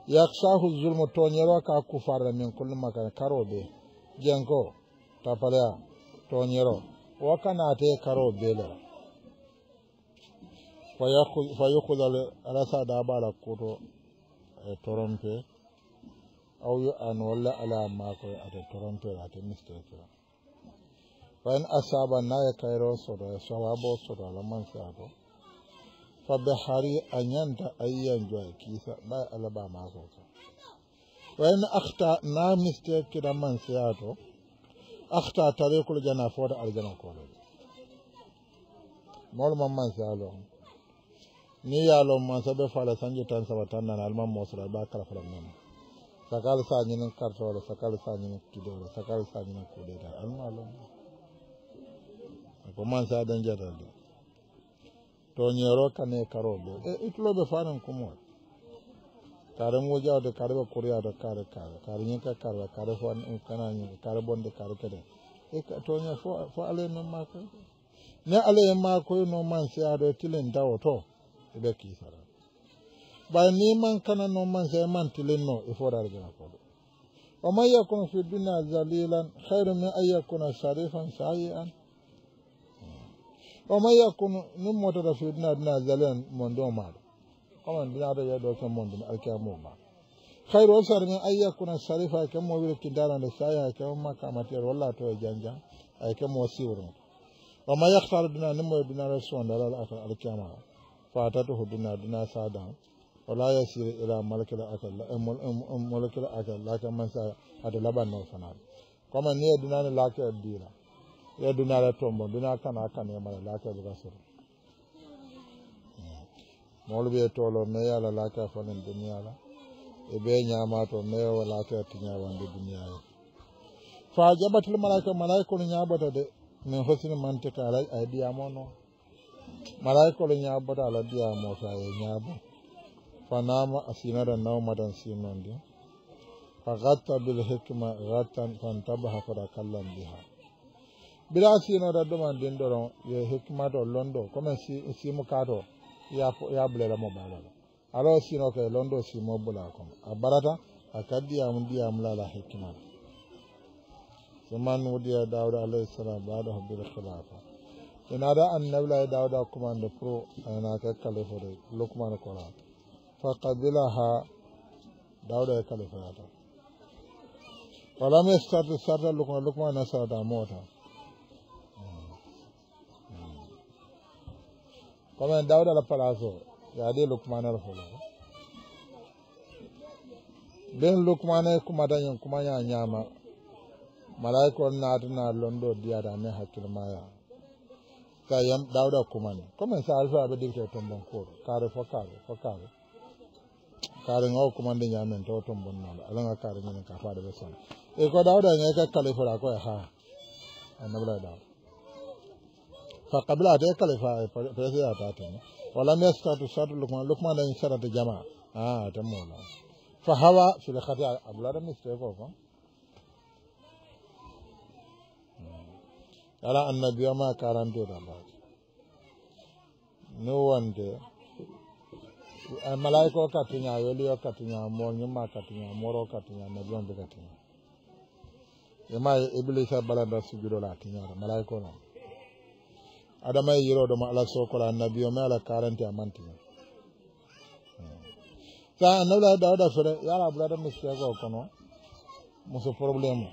yaksahu zulmu nyero ka kufarla min kullu makan karo wa kana te karobe la kanate karo fa le al rasa bala kuto e toronto aw yo an wala ala la te mister ate mistake fayin asaba ya kairo so da sawabo soto ala mansi ato fabbe hari a ñanta ayyan joye kiisa ɗa alaba maso ka wayno akta na mistake kira man seya to akta tarekol jana fota aljana kolede mawol man man seya lo ni yalo man sabe fala sanji tan saba tan nana alman mosora ba kala fala men sakal sa ñinin kartole sakal sa ñinin kidole sakal sa ñinin kudeta alma lo ko man seya dan jadalde toñero kane karoɓe e ituloɓe fanan kumol kare mujawde kare ɓe kuryade kare kare kare ñinka karla kare fo kana ñinka kare bonde kare kare e toña fo alay men makoy ne ale ma ko no man siyaɗo e tilin dawo to ki sara ba ni man kana no man siya man tilin no e fo dar gana ko o man yakun fi dunia zalilan hayru min ayyakuna yakuna sharifan sayi an o man yakkunu nin motoɗo fiidina dina zalen mondo maɗo koman dinaɗo yeɗo ke mondun alkiyamu maɗo hayro o sar min ay yakkuna sarifa ke mo wiri kindarande sayi hay ke makka matiére walla to e janjan ay ke mo siwrimo o man yaktaro dina nin moye dunare sondalal ata alkiyama o fatatuhu dina dina sadan wala yasir ila malakila akalla molakila akalla ke man sa ata laɓanno fanade e dunare tombo duna kana kane mara lake buga soro hmm. molu be tolo me yala lake fonen duniya la e be nyama to me wa lake tinya wande duniya la fa jabatul malaika malaika ni nyabata de ne hosini mante kala ay biya mono malaika ni nyabata ala biya mo sa e nyabo fanama asinara naw madan sinondi fa gatta bil hikma gatta fantabha fara kallan biha birasinoɗa ɗumanɗin ɗoron yo hikmata o londo comme simo kato ya bulelamo balala ala o sino ka e londo simo bula kono a barata a kaddiyamu ndiyamulala hikmata suman wudiya dawda alayhi salam baɗo bil khilafa inaɗa annabila e dawda commande pour anake kalifode lukman kola fa qabilaha dawda e kalifata walam yastati sarta lukman lukman nasarata mota kama dawda la palaso ya de lukmana la folo ben lukmana kuma da yan kuma ya nyama malaikon na tana londo diya da ne hakil maya ka yam dawda kuma ne kuma sa alfa ba dikta tombon ko kare fa kare fa kare kare ngaw kuma da nyamen to tombon na alanga kare ne ka fa da besan e ko dawda ne ka kale fara ko ha annabla dawda فقبل أتى كله فرزي أتاتنا ولم يستطع سات لقمان لقمان إن سرت جماعة آه تمولا فهوا في الخطأ أبلا رمي استيقظ على النبي ما كان دور الله no wonder eh, malaika wakati nya yoli wakati nya mo nyuma wakati nya moro wakati nya nabi wanda wakati nya yema iblisa balanda sujudo la kinyara malaika wakati adama ye yiro ma ala sokola annabi o ma ala karante a mantina sa da dawda fere yala bulada mistake o kono muso probléme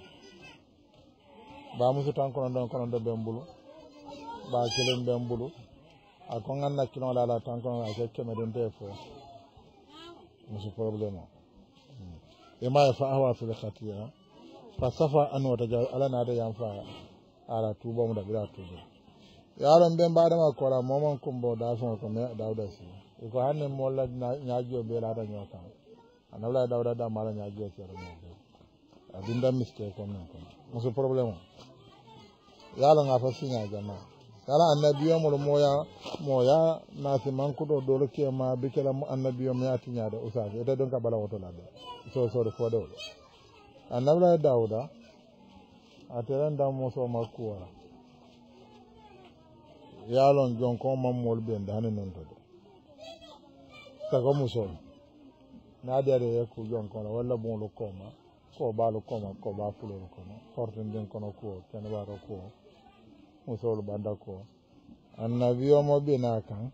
ba muso tan kono don kono ɗo ɓen bambulu ba kelen bambulu a a kon an da ala tan kono ake keme ɗum te fo muso probléme o ima ye fa awa fil khatia fa safa an wata jawi ala naade yan fa ala da gida tubamu yaron ben baɗama kora momon kumbo dafen ko me dawda si ko hanne molla ñaagio be laata ñoo kam anabla dawda da mala ñaagio seeɗa mo abin abinda miste ko ne ko musu probléme o yaalo nga fa sinya jama yala annabiyomol moya moya naasi mankuɗo dolo kema bikela annabiyom yatiñade usage da don ka ɓala wotolade sosode fodewol da da a teran dam moso makkuwara yalon jonko mammol ɓe dani noon to de sago musol naadere yekku jonkono walla bunlu koma kobalu koma koba fulolu koma hortindin kono kuwo kenebaro kuwo musolu ɓanda kuwo annabi omo bina kan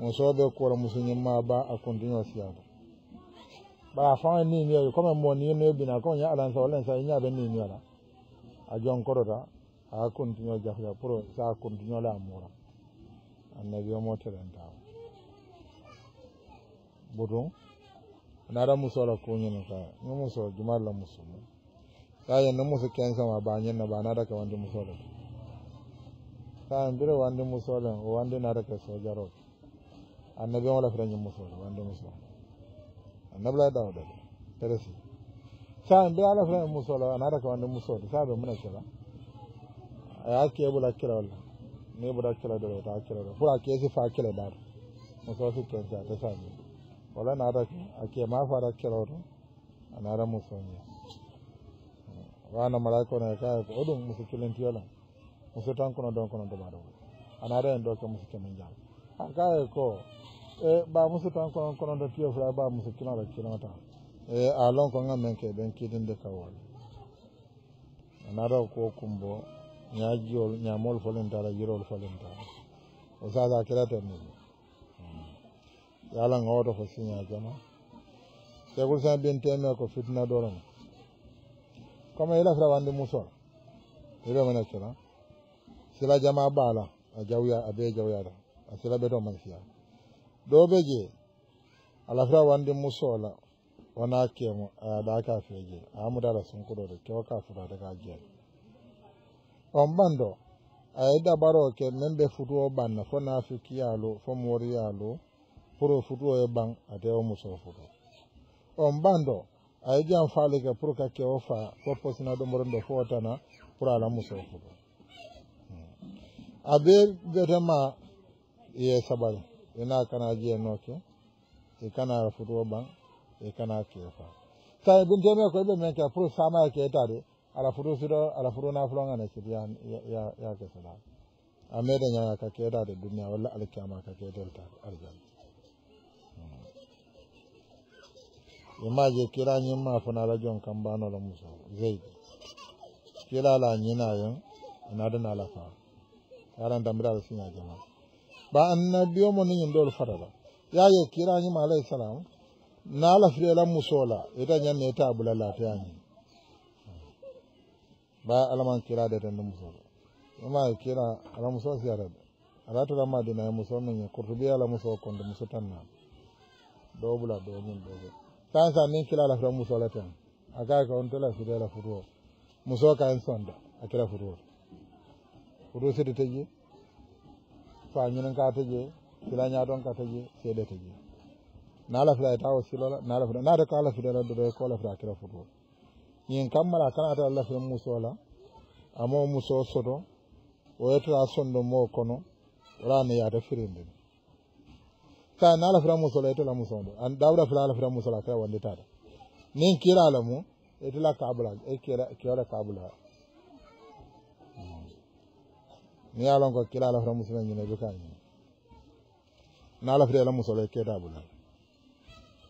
musoɓe kuwola musuñimma ba a continuo siyada ɓa ni nimiyoy comme mo nino bina comme ña alansa wallan sa ni nimiyola a jonkorota a continuer jahja pour sa continuer la mura annabi mo terenta boto nara muso la ko nyen ka no muso jumal la muso kaya na muso ken sama ba nyen na ba na daga wanda muso la kaya ndire wanda muso la wanda na daga so jaro annabi mo la fere nyen muso la wanda muso annabi la dawo da teresi kaya ndire ala fere muso la na daga wanda muso da sabe mun kala a y'a kɛ bolo kɛlɛ la ne bɔra kɛlɛ dɔ la o t'a kɛlɛ dɔ fo a kɛ se fa kɛlɛ da la muso si kɛnse a tɛ se a ɲɛ o la n'a da a kɛ maa fa da kɛlɛ o a n'a da muso ɲɛ o y'a namara kɔnɔ k'a ye o don muso kelen tiyɔ la muso tan kɔnɔntɔn kɔnɔntɔn b'a dɔn a n'a da yen dɔ kɛ muso kɛmɛ jaa a k'a ye ko ee ba muso tan kɔnɔntɔn tiyɔ e fila ba muso kelen la kelen ta ee a lɔn ko n ka mɛn kɛ bɛ n kelen de ka wale a n'a ñaajol ñamol folentala jirol folentala o sasa kirata ni yala ngawoto fo siña jama sekul sa bin teme ko fitna dorona comme ila fira wandi musol ile mena sura sila jama bala a jawya a be jawyata a sila beto man siya do be je ala fira wandi musola wona kemo a da ka feje a mudala sunkuɗode kewo ka fuɗade ka jeeɗa ombando aida baro ke nende futu obanna fona afiki yalo fomori yalo pro futu obang e ate omuso futu ombando aija mfale ke pro ke ofa popo sina do morondo fota na pro ala muso futu hmm. abe gatama ye sabal ina kana je noke e kana futu obang e kana kefa sai e bintene ko e ibe men ke pro sama ke tare ala furu siro ala furu nafulon ŋa ne siri ya ke sala a mede ñaga ka keeda de duniya walla alkiyama ka keedel ta aljanna hmm. imaje kira ñimma fana ala jon kambanola muso zeydi kila la ñinayen inadana ala faa yaran dambira ala siña jama ba annabiyo mo niñin doolu fatala yaye kira ñima alayhi salam na ala firela musola ita ñanne ita abula latoyañin ba alaman kira da tan muso ma kira ala muso siyara ala to ma dina muso nan ya kurtubi ala muso kon da muso tan na do bula do min do san san nin kila la fra muso la tan aka ka on to la fi la furo muso ka en sonda akira furo furo sai ta je fa nyinin ka ta je kila nya don ka ta je sai da ta je na la fra ta wasilo na la fra na da ka la fra da ko la fra akira furo ñin kammala kanata allah fil muso la amo muso soto o yettata sondo mo kono wala ne yaata firindini sa na ala fira muso la yettala muso do an dawda fila ala fira muso la kira wande tata nin kira la mu yettala kabula e kira kira kabula ni ya lon ko kira ala fira muso la ñine be ka ñine na ala fira ala muso la keta bula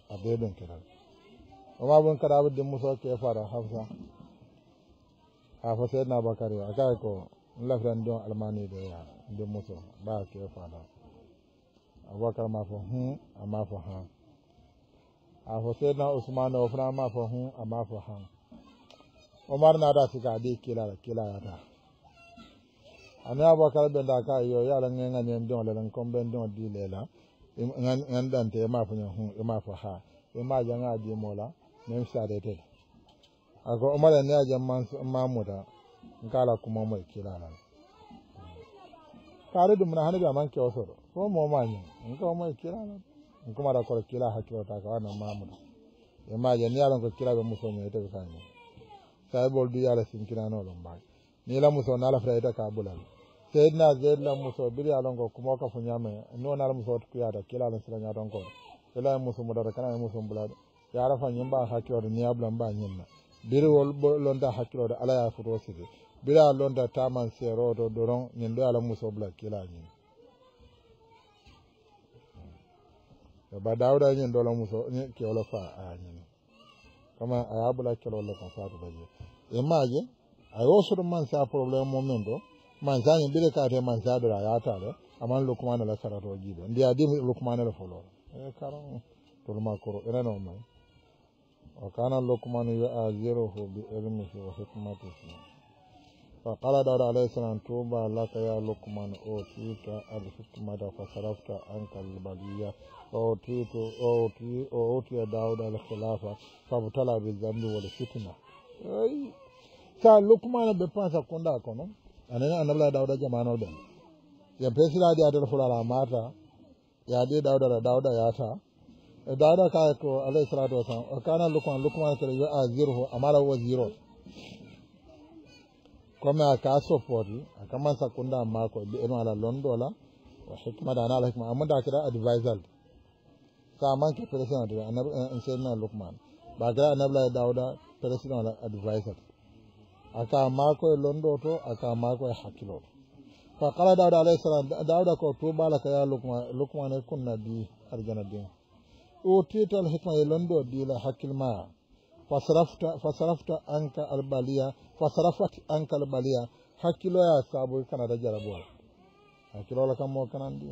a be don kira la وما بن كذا بدي موسى كيف فارا حفصة حفصة سيدنا بكر أكايكو لا فرن دون ألماني ده يا دي موسى با كيف فارا أبو بكر ما فهم أما فهم حفصة سيدنا عثمان وفنا ما فهم أما فهم عمر نادا سيكا دي كلا كلا يا ani abubakar ben da ka yo yala nge nga nyem don lelen kom ben don di lela ngan ngan dante ma fu nyahu ma fu ha ma janga di mola min sadete ako omara ne aje mamuda nkala kuma mo kilala kare dum na hanabi aman ke osoro ko mo manyi nka mo kilala mara da kor kila hakiro ta ka na mamuda e maje ne yalan ko kila be muso ne te ka ni sai bol du yala sin kila no lon ba ni la muso na la fraida ka bulal sayyidina zaid la muso bili yalan ko kuma ka funya me no na la muso ku ya da kila la sira nya don ko kila muso mudara kana muso bulal ya arafa ñimba hakkilode niyabula mba ñinna biriwol londa hakkilode ala ya foto sigi bila londa taman seeroto doron ñin ɗo ala muso bula kila ñin ba dawda ñin ɗola muso kewlo fa a ñin kama a ya bula kelolle kan fatu baje e maje a yo soto man sa probléme mum men ɗo man sa ñin ɓile kate man sa ɗora a yatale aman lukmane la sarato jiɓe ndiya di lukmane la folore e karan tolma koro enano may وكان لقمان يؤازره بعلمه وحكمته فقال داود عليه السلام توبى لك يا لقمان أوتيت الحكمة فصرفت عنك البلية وأوتيت أوتي داود الخلافة فابتلى بالذنب والفتنة أي sa lukmana ɓe pensa kunda kono anani annabla dawda jamanol ɓen yen presila adi adel fulala mata yaadi dawda la dawda yata dada ka ko kana lukman lukman a zirho amara wo a ka support a kama sakkunda ma ko bi eno ala londo la o hikma da ana ala hikma amma da kira advisal sa man ke président de anabi sayyidina eh, eh, lukman ba kira anabi la dawda aka mako e londo to aka mako e hakkilo fa kala dawda alayhi salam dawda ko tubalaka ya lukman lukman e kunna di arjana din o tetal hikma e londo dila hakkilma fasarafta fasarafta anka albaliya fasarafat anka albaliya hakkiloya saabu kanada jaraboa hakkilola kammo kanandi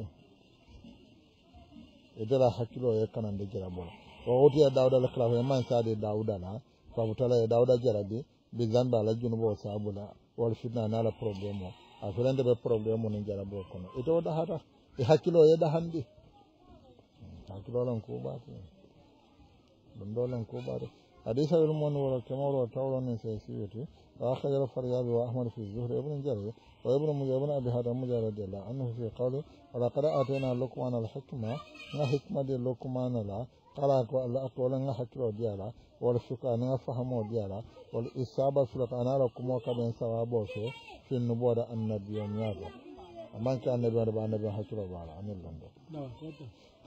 edela hakkilo ye kanande jarabola o otiya dawuda la kalafo e man sade dawuda la fafutala e dawuda jarabi bi zanba la junubo saabu la wal fitna nala probléme o a filandeɓe probléme o ni jarabo kono ete o dahata e hakkilo ye dahandi dolan ko ba ta ban dolan ko ba ta hadisa wani mun wala kamar wa taura ne sai su yi ta aka yi rafar yabi wa ahmad fi zuhri ibn jarir wa ibn mujabin abi hada mujara da la annahu fi qalu wa laqad atayna lukman al hikma na hikma da lukman la kala ko al aqwala na hakira da la wa al shuka na fahamo da la wa al isaba su da kana la kuma ka ban sawabo so fi nubu da annabiyan yaba amma ka annabiyan ba annabiyan hakira ba la annabiyan ba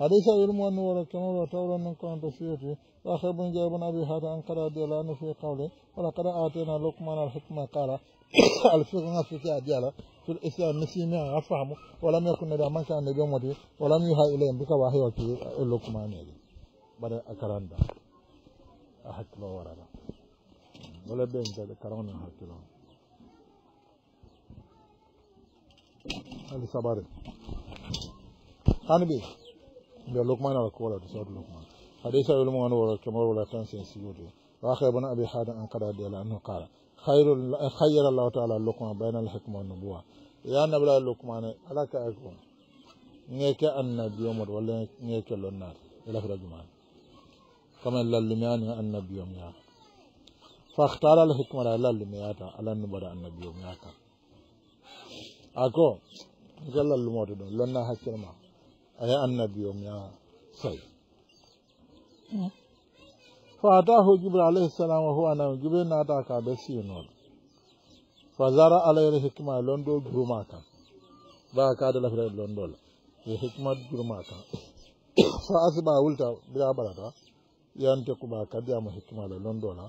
حديث علم أنه ولكنه وتولى من كون تسيئته وأخي بن جاب أبي هذا أن قرأ ديلانه في قوله ولقد آتينا لقمان الحكمة قال [coughs] الفقه في كاديالا في الإسلام نسينا أفهمه ولم يكن لدى من كان نبي مدي ولم يها إليهم بك وحي وكي لقمان يدي بدأ أكران دا أحكي له ورد ولا بين ذلك كرون أحكي له هل صبرت قال بيه ده لقمان على كولا ده سعود لقمان حديث أبي المغان ولا كمر ولا تنسى سيوده وأخي ابن أبي حاتم أن قد أدل أنه قال خير خير الله تعالى لقمان بين الحكمة والنبوة يا نبي لقمان على كأكون نيك النبي عمر ولا نيك للنار إلى في الجمال كما للميان النبي يوم فاختار الحكمة على الميات على النبر النبي يوم أكو قال الموت لنا ما a ye annabi om ya sai fa atahu jibril alayhi salam wa huwa nam jibril naata ka ɓe siinoɗo fa zara alayhi hikma e londo juruma kan mbawa kaade lafira e londola e hikma juruma kan fa asiba wulta mbira ɓarata yante kuɓa kadiyama hikma le londola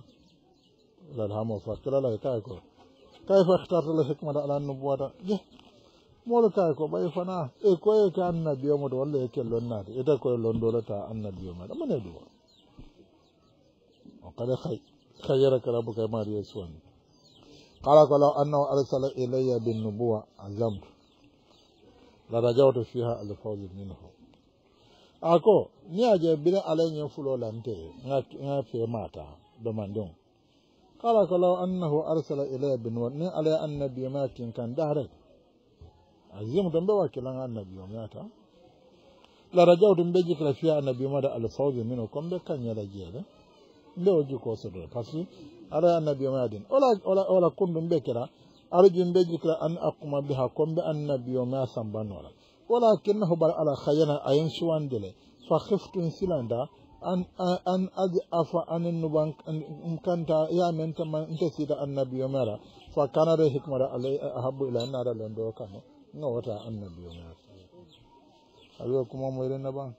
lalhamo fa kilala e kay ko kay fa ihtartala hikmata ala nubuwata je moolotaa ko ɓay fana e koye ke annabio mota walla e ke lonnaade e ita koye lonndolata annabio maɗa mane ɗuwa o kade hay kayera ke rabu kay mari yesuwani kala ko law annahu arsala ilayya binnubowa azamtu lata jawto fiha alfawle minhu a ko ni a je bine alay ñin fulo lante nga nga fee maata domandeo kala ko law annahu arsala ilayya binnubowa ni alay annabio maa tin kan daarek azim don be kilan annabi o miyata larajaw ɗum ɓe jikla fiya annabi ma da alfawz min o be kan ya rajiya da o jiko ko so da que ara annabi o maɗin ola ola ola kun kunɗum ɓe kira arjum beji jikla an akkuma biha kon be annabi o ma sambanola wala hu hobal ala hayana ayen dile fa hiftum silanda an an az afa anin nuban kanta ya menta man nte sida annabi o mara fa kana kanare hikmara alai ahabu ila annara lando kane no wata annabi yo ayo kuma mai ire na ban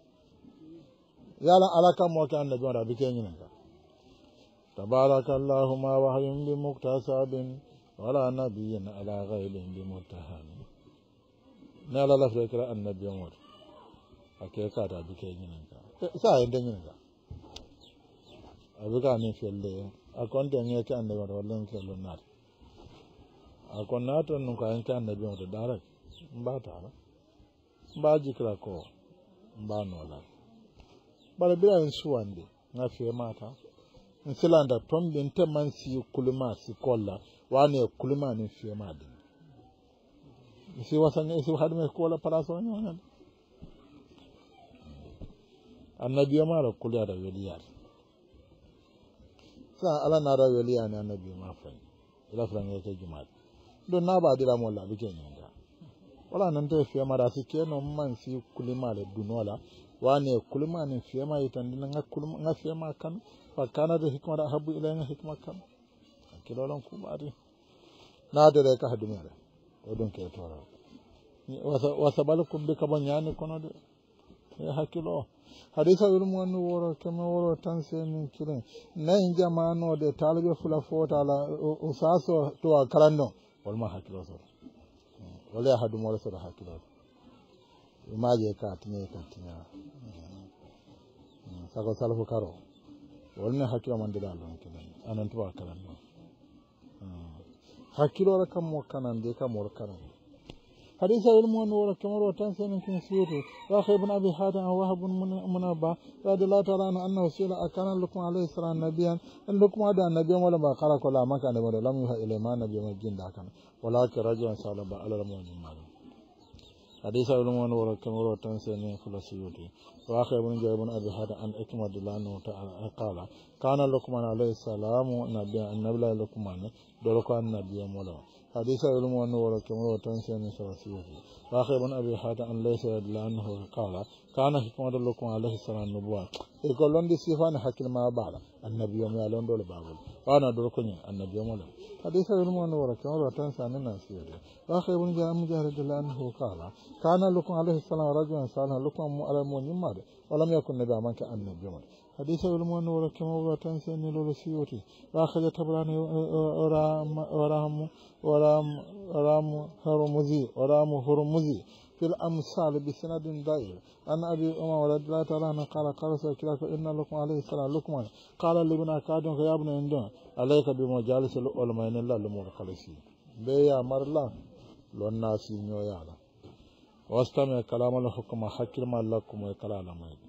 yala alaka mo ka annabi on rabi kenyi nan tabarakallahu ma wahyun bi muktasabin wala nabiyyin ala ghaibin bi mutahan na la lafre kira annabi on a ke ka ta bi yanyi nan ka eh, sa yin den yin ka abuka ne felle a den yake annabi on wallan sallallahu alaihi wasallam akon nato a ka yin ka annabi on da direct mba tara mba jikira ko mba nola bara bila nsuwande na fiye mata nsilanda tombe nte man si kuluma si kolla wane kuluma ni fiye madi si wasanya si hadme kola para so nyonya annabi ma ra kulya da weliyar sa ala na ra weliya ne annabi ma fa ila fran yake juma'a don na ba dira molla bike ne wala nan te fiyama su ke keno man si kulima le dunola wane kulima ne ni fiyama itandina nga kulima nga fiyama kan fa kana da hikma da habu ila nga hikma kan ke kanu akilolon kumari na da da ka hadu hadumere to don ke tora bi kaban yani kono de ya e hakilo hadisa yulum wani woro keme woro tan se min kire kirin jama'a no de talibe fulafota la usaso to a karanno ma hakilo so wala hadumo la sara hakilal imaje ka tinye ka tinya sago salfu karo wannan hakilo man da dalon kinan anan kanan hakkilore kam mo kanan de kam mor kanan حديث المؤمن والكمر وتنسي من كنسيوته واخي ابن ابي حاتم وهب منبع رضي الله تعالى عنه انه سئل اكان لكم عليه السلام نبيا ان لكم هذا النبي ولا ما خلق ولا ما كان ولا لم يها الى ما نبي ما جند كان ولكن رجع رجل صالح على المؤمن ماله حديث المؤمن والكمر وتنسي من كنسيوته واخي ابن جاي بن ابي حاتم ان اكمل الله انه قال كان لكم عليه السلام نبيا ان النبي لكم دولكم النبي مولى حديث علم النور كمر تنسين سرسية وآخر من أبي حاتم أن ليس إلا أنه قال كان حكمة لكم عليه السلام النبوة يقول لون دي سيفان حكي ما بعد النبي يوم يالون دول بابل وأنا دركني النبي يوم لهم حديث علم النور كمر وتنسين الناسية وآخر من جاء مجاهد إلا أنه قال كان لكم عليه السلام رجلا صالحا لكم على المؤمنين ولم يكن نبي عنك النبي يوم حديث علمون ولك موضوع تنسين للسيوتي وأخذ تبراني ورام ورام ورام هرمزي ورام هرمزي في الأمثال بسند ضعيف أن أبي أمام رضي الله تعالى عنه قال قال سيكلاك إن لكم عليه السلام لكم قال لابن أكادون يا ابن عندهم عليك بمجالس العلماء إن الله لم لمغلقلسي بيا مرلا لنا سينيو يالا واستمع كلام الحكم حكم لكم وكلام الله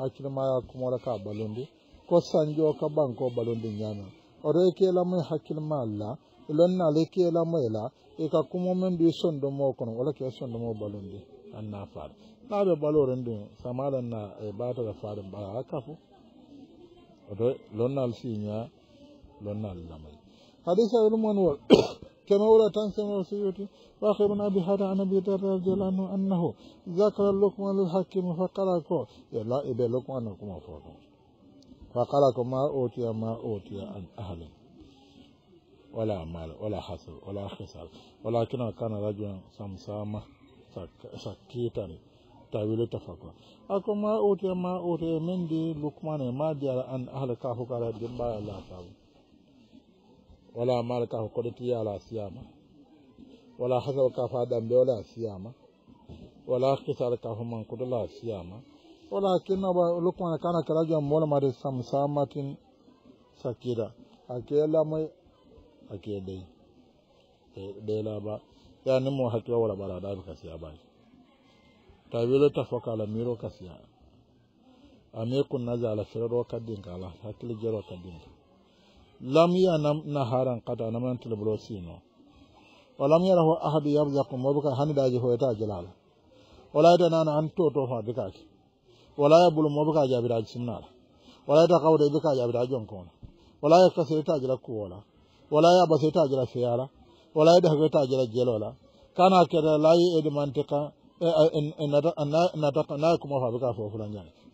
hakkilemaya kumola ka balondi ko sanjo ka banko balondi ñana oto i keelamoy e hakkilema e e la lon naale keelamoy la i ka kumo men di sondomo kono wala ke sondomo balondi an na faare naaɓe baloren ɗin samaɗan na ɓaatara faare mbaa kafo oto lon naal siña lon naal lamay hadisa ilumon wol [coughs] كما ولا تنسى سمر السيوطي واخي بن ابي هذا عن ابي الدرداء رضي الله عنه انه ذكر لقمان للحكيم فقال كو لا ابي لقمان لكم فوقه فقال كو ما اوتي ما اوتي عن اهل ولا مال ولا حسب ولا خسر ولكن كان رجلا سمسامه سكيتا tawilo tafa اكو ما اوتي ما اوتي من دي لقمان ما دي عن اهل كافو قال دي الله mbaya wala mala ka tiya la siyama wala hasa ka fa dambe wala siyama wala kisar ka fa man la siyama wala kinna ba lukman kana karaja mola ma de samsamatin sakira akela mai akelai e, dai la ba ya ni mo hakiwa wala bara da ka siya ba tabilo ta foka la miro ka siya ame kun ka firro kadin la hakil jero ka kala lam yanam naharan qata naman tilbulo sino walam yarahu ahad yabzaku mabuka hanidaji hoyta jalala wala ta nana an toto fa bikaki wala ya bulu mabuka jabiraji simnala wala ta kawda bika jabiraji onkona wala ya kaseta jala kuola wala ya baseta jala fiyala wala ya dahgeta jala jelola kana kera layi edmantika nataka na kuma fa bika fo fulan jani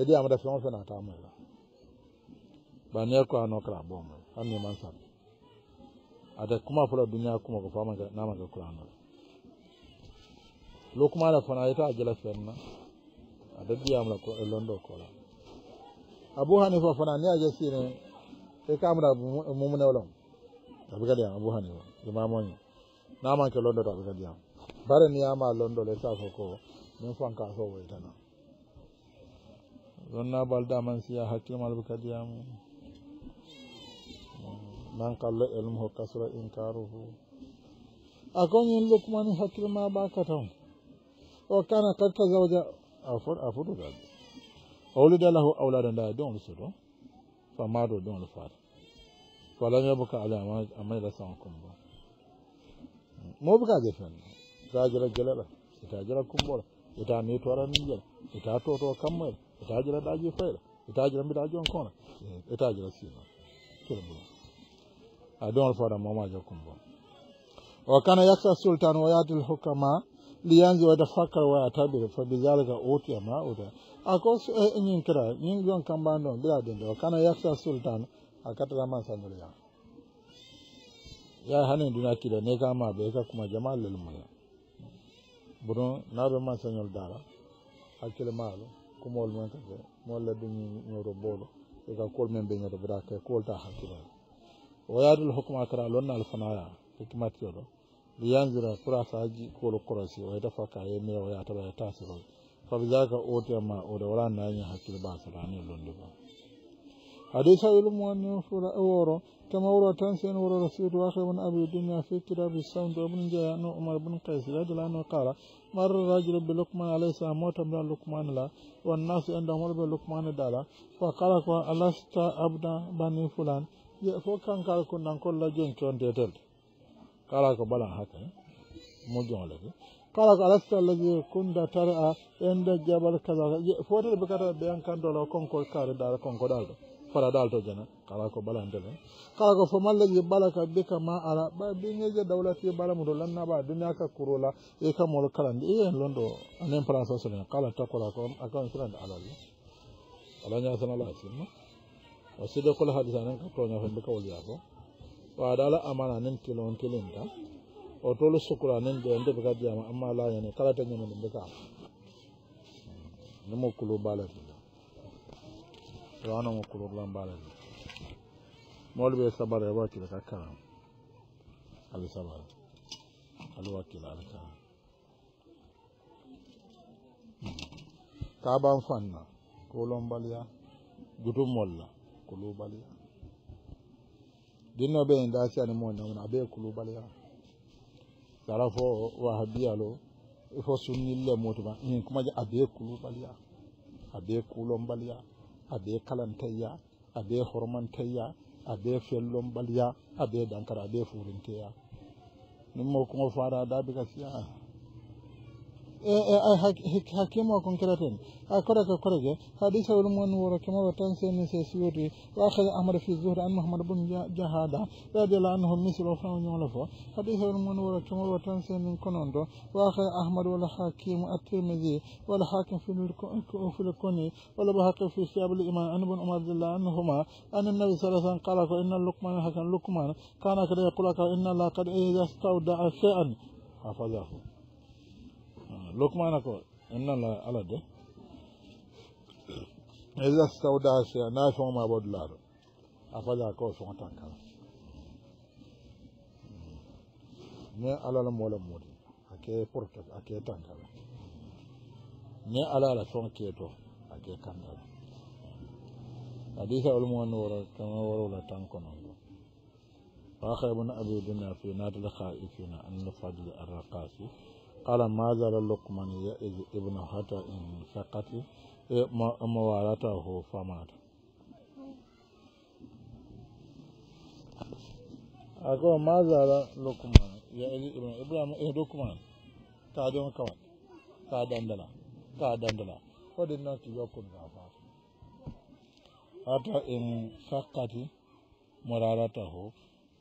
edi amada fɛn o fɛn na taa mɔ la ba ne ko anɔ kala bɔ mɔ an ni man sabi a kuma fɔlɔ duniya kuma ko f'a ma kɛ n'a ma kɛ kuran lo kuma la fana a ye taa jala fɛn na a da di amada ko kɔ la abu hanifa fana ne y'a jɛ sini e ka amada mumunɛ wala a bɛ ka di yan abu hanifa imaamu ye n'a ma kɛ lɔndɔ a bɛ ka di yan bari n'i y'a ma lɔndɔ la e i t'a fɔ ko min fɔ n k'a fɔ o ye tan na. zonna balda man siya hakkimal kadiyam man kalla ilmu kasra inkaruhu akon yin ba ka bakatan o kana kad ka zawja a da o wulida lahu auladan da don su lusuɗo famaɗo don lufata falam yabuka ala amayla kun ba mo buka je fen ta jira jalala ita jira kumbola ita ni toran jela ita toto mai. itajira daji fere itajira mbi daji on kono itajira sino kila bulu adon ah, fada mama jokumbo wa kana yaksa sultan wa yatil hukama liyanzi wa tafakkar wa yatabir fa bizalika utiya ma uta akos e, e nyin kra nyin gon kambando bila dende wa kana yaksa sultan akatala masandulia ya hanin duna kila ne kama be ka kuma jama'al lil mulk burun na be masanol dara hakile malo ko mool men kake molle ɓe ñoro boolo ega kool men ɓe ñoro bada ka koolta hakkilal o yaadul hokkuma kara lonnal fanaya hokkimatiyoɗo li yanjira kurasaji koolo korosi o defa ka yemira o ya taɓa e tasirol sabu jaka otema ode wala nañi hakkille basarani londigo hadi sa ilumu wonni suura e wooro كمورة سنور رسيد واخر من أبي الدنيا في كتاب السوند وابن جاء عمر بن قيس رجل عنه قال مر الرجل بلقمان عليه السلام موتا من لقمان لا والناس عندهم بلقمان دالا فقال ألست أبدا بني فلان فو كان قال كنا نقول لجين كون تيتل قال بلا هكا مجون لك قال ألست الذي كنت ترى عند جبل كذا فوتل بكتا بيان كان دولا كونكو كاري دار كونكو دالا faradalto jana kala ko bala ntele kala ko fomallaji balaka bika ma ala ba biŋeje dawlati bala muto lannaba duniya ka kurola e ka mol kalandi e londo anen place solen kala takola ko akan sinande alalle ala ñasana la simma o side kola hadisa nen ka toña fen bika wolya ko waadala amana nen kilon kilinta o tolu sukura nen de nde bika diyama amma la yani kala ta ñamani bika ni mo kulu balati to ana mo problem bala ni mol be sabara ya wakila ka karam al sabara al wakila al karam ka ban fanna kolon baliya gudun molla kulu baliya dinna be inda si ani mo na wona be kulu baliya sara fo wahabiya lo fo sunnille motuba min kuma ja abe kulu baliya abe kulon baliya abe kalantayya abe hormantayya abe fellon balya abe dankara abe furinteya nin mo kuma fara da bi hakima kon kiraten a kora ka kora ge hadisa wal mun wara kama watan sai min sai suri wa akhad ahmad fi zuhri an muhammad bin jahada radiyallahu anhu misal wa fa'a yawla hadisa wal mun wara kama watan konondo wa akhad ahmad wal hakim at-tirmidhi wal hakim fi fi al-kuni wal fi shab al-iman an ibn umar radiyallahu anhuma an an-nabi sallallahu alaihi wasallam inna luqman hakan lukman kana kada yaqulu ka inna la qad idha istawda'a shay'an hafazahu lokmana ko en nala ala de esastawdas nafoma bodulaaro a fada ko fogo tan kala ne alala moola muudi a ke porte a ke tan kala ne ala la fon keto a ke kandala hadisa olumoni woro kama worola tan konongo wa khaybuna abi dunya fi nadil khaifina an nufadil arraqasi قال ما زال لقمان يئذ ابن حتى إن سقط موارته فمات أقول ما زال لقمان يئذ ابن إبراهيم إيه لقمان تعدون كمان تعدون دلا تعدون دلا فدي الناس يقول نعفاس حتى إن سقط مرارته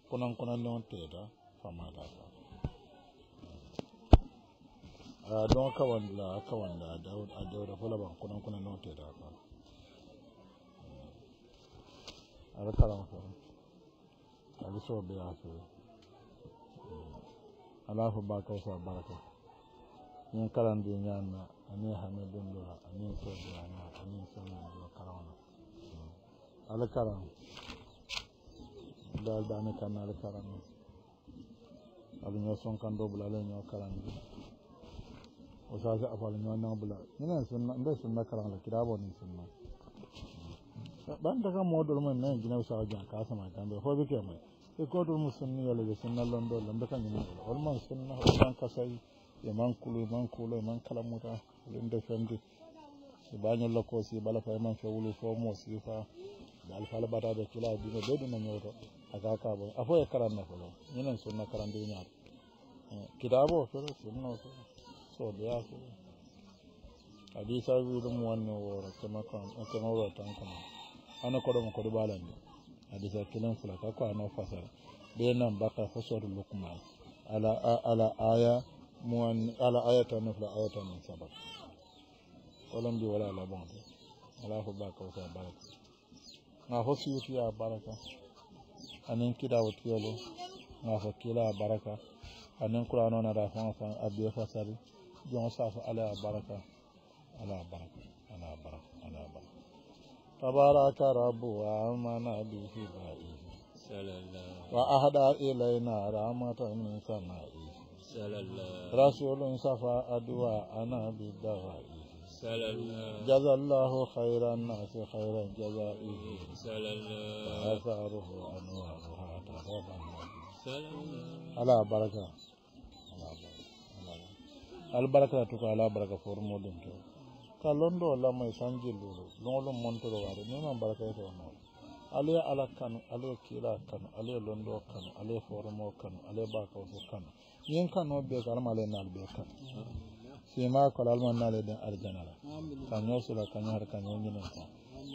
كنا كنا لون تيتا فمات Ah, don kawan wanda kawan wanda a dawda fola ban kunan kunan no te da ka ala kalan ko a so be aso ala fo ba ka sa baraka yin karan din kalan di nyana ani hamidun a ne ke be ana a ne ke do kalan hmm. ala kalan dal da ne kan ala kalan ala nyo son kan do bula ala nyo kalan o sasa afal ñoñaŋ bula ñinen sunna nde sunna karaŋla kirabo nin sunna ɓanta kam moodol mum nan jinaw ka sama kan kamɓe hoɓe ke mum e gotol mu sunni yole ɓe sunna londo lombe kañumɗo holman sunna holman kasayi e man kulu e man kuulo e man kalamuta linde femdi e bañolla ko si ɓala fa e man fewulu fo mo si fa ɓe alfaala ɓataɓe kila dino ɓe ɗina ñowto aka kaɓo a fo e karanna folo ñinen sunna karandi ñaata eh, kitabo fere sunna fere so da ya ko hadisa bi dum wannan wora kama kan kama ana ko dum ko hadisa fula be nan baka fasar lukman ala ala aya muwan ala ayata nufla ayata min sabar kolon bi wala la bon ala ko ba sa baraka na ho si ya baraka anin kida wuti yalo na ho kila baraka anin qur'ano na da fasari جون ساسو على بركة على بركة على بركة على بركة تبارك رب وامن به بائه وأهدى إلينا رحمة من سمائه رسول صفى انا بالدوائه جزى الله خير الناس خير جزائه وآثاره أنوارها تغرب على بركة albaraka to ko ala baraka for modum to ka londo la mai sanji lulu lolo montoro ware ne man baraka to no ale ala kanu ale kila kanu ale londo kanu ale foromo kanu ale baka to kanu yin kanu be kalmale na be kanu sima ko alman nale den aljanala kanyo sula kanyo har kanyo nyina ta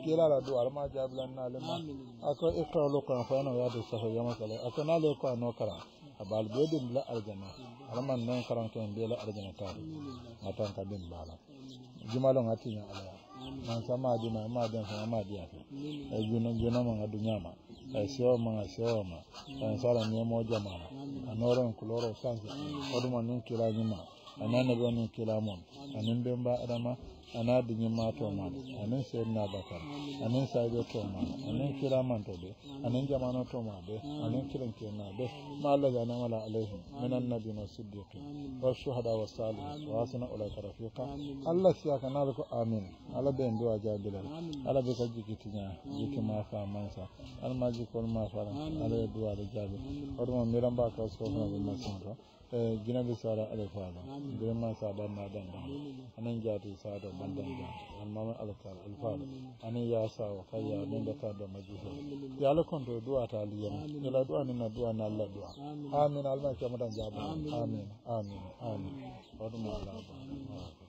kila la do alma jablan nale ma ako ikra lo kan fa no ya de safa yama kala ako nale ko no kala abal be la aljana arman nan karanto en be la aljana ta na tan ka dum bala jumalo ngati nya ala nan sama di na ma dan sama ma di ate e juna juna ma ngadu ma e sewa ma sewa ma nan sala ne mo jama anoran kuloro sanse oduma nun kila nyima anana be nun kila mon anin bemba adama ana ma tomana sai na bakar anin sadio tomana anin kiramanto ɓe anin jamano toma ɓe anin kirankenna to ma allah alaihi minan min annabina siddiqi wa shuhada wa salih wa hasana ulai rafika allah ka na ko amin ala ɓe mbiwa jabilal ala ɓe ka jiki tinya jiki ma fa sa al jikol ma fara ala e duwaɗe jaabi ka so ko kaskofonaɓe masin to jinabi sara alfala girman sada na dan dan anan jati sada ban dan dan amma mai alfala alfala anan ya sa wa kayya don da ka da majusa ya lakon to du'a ta aliyan ila du'a ni na du'a na Allah du'a amin alma ke madan jaba amin amin amin wa dum Allah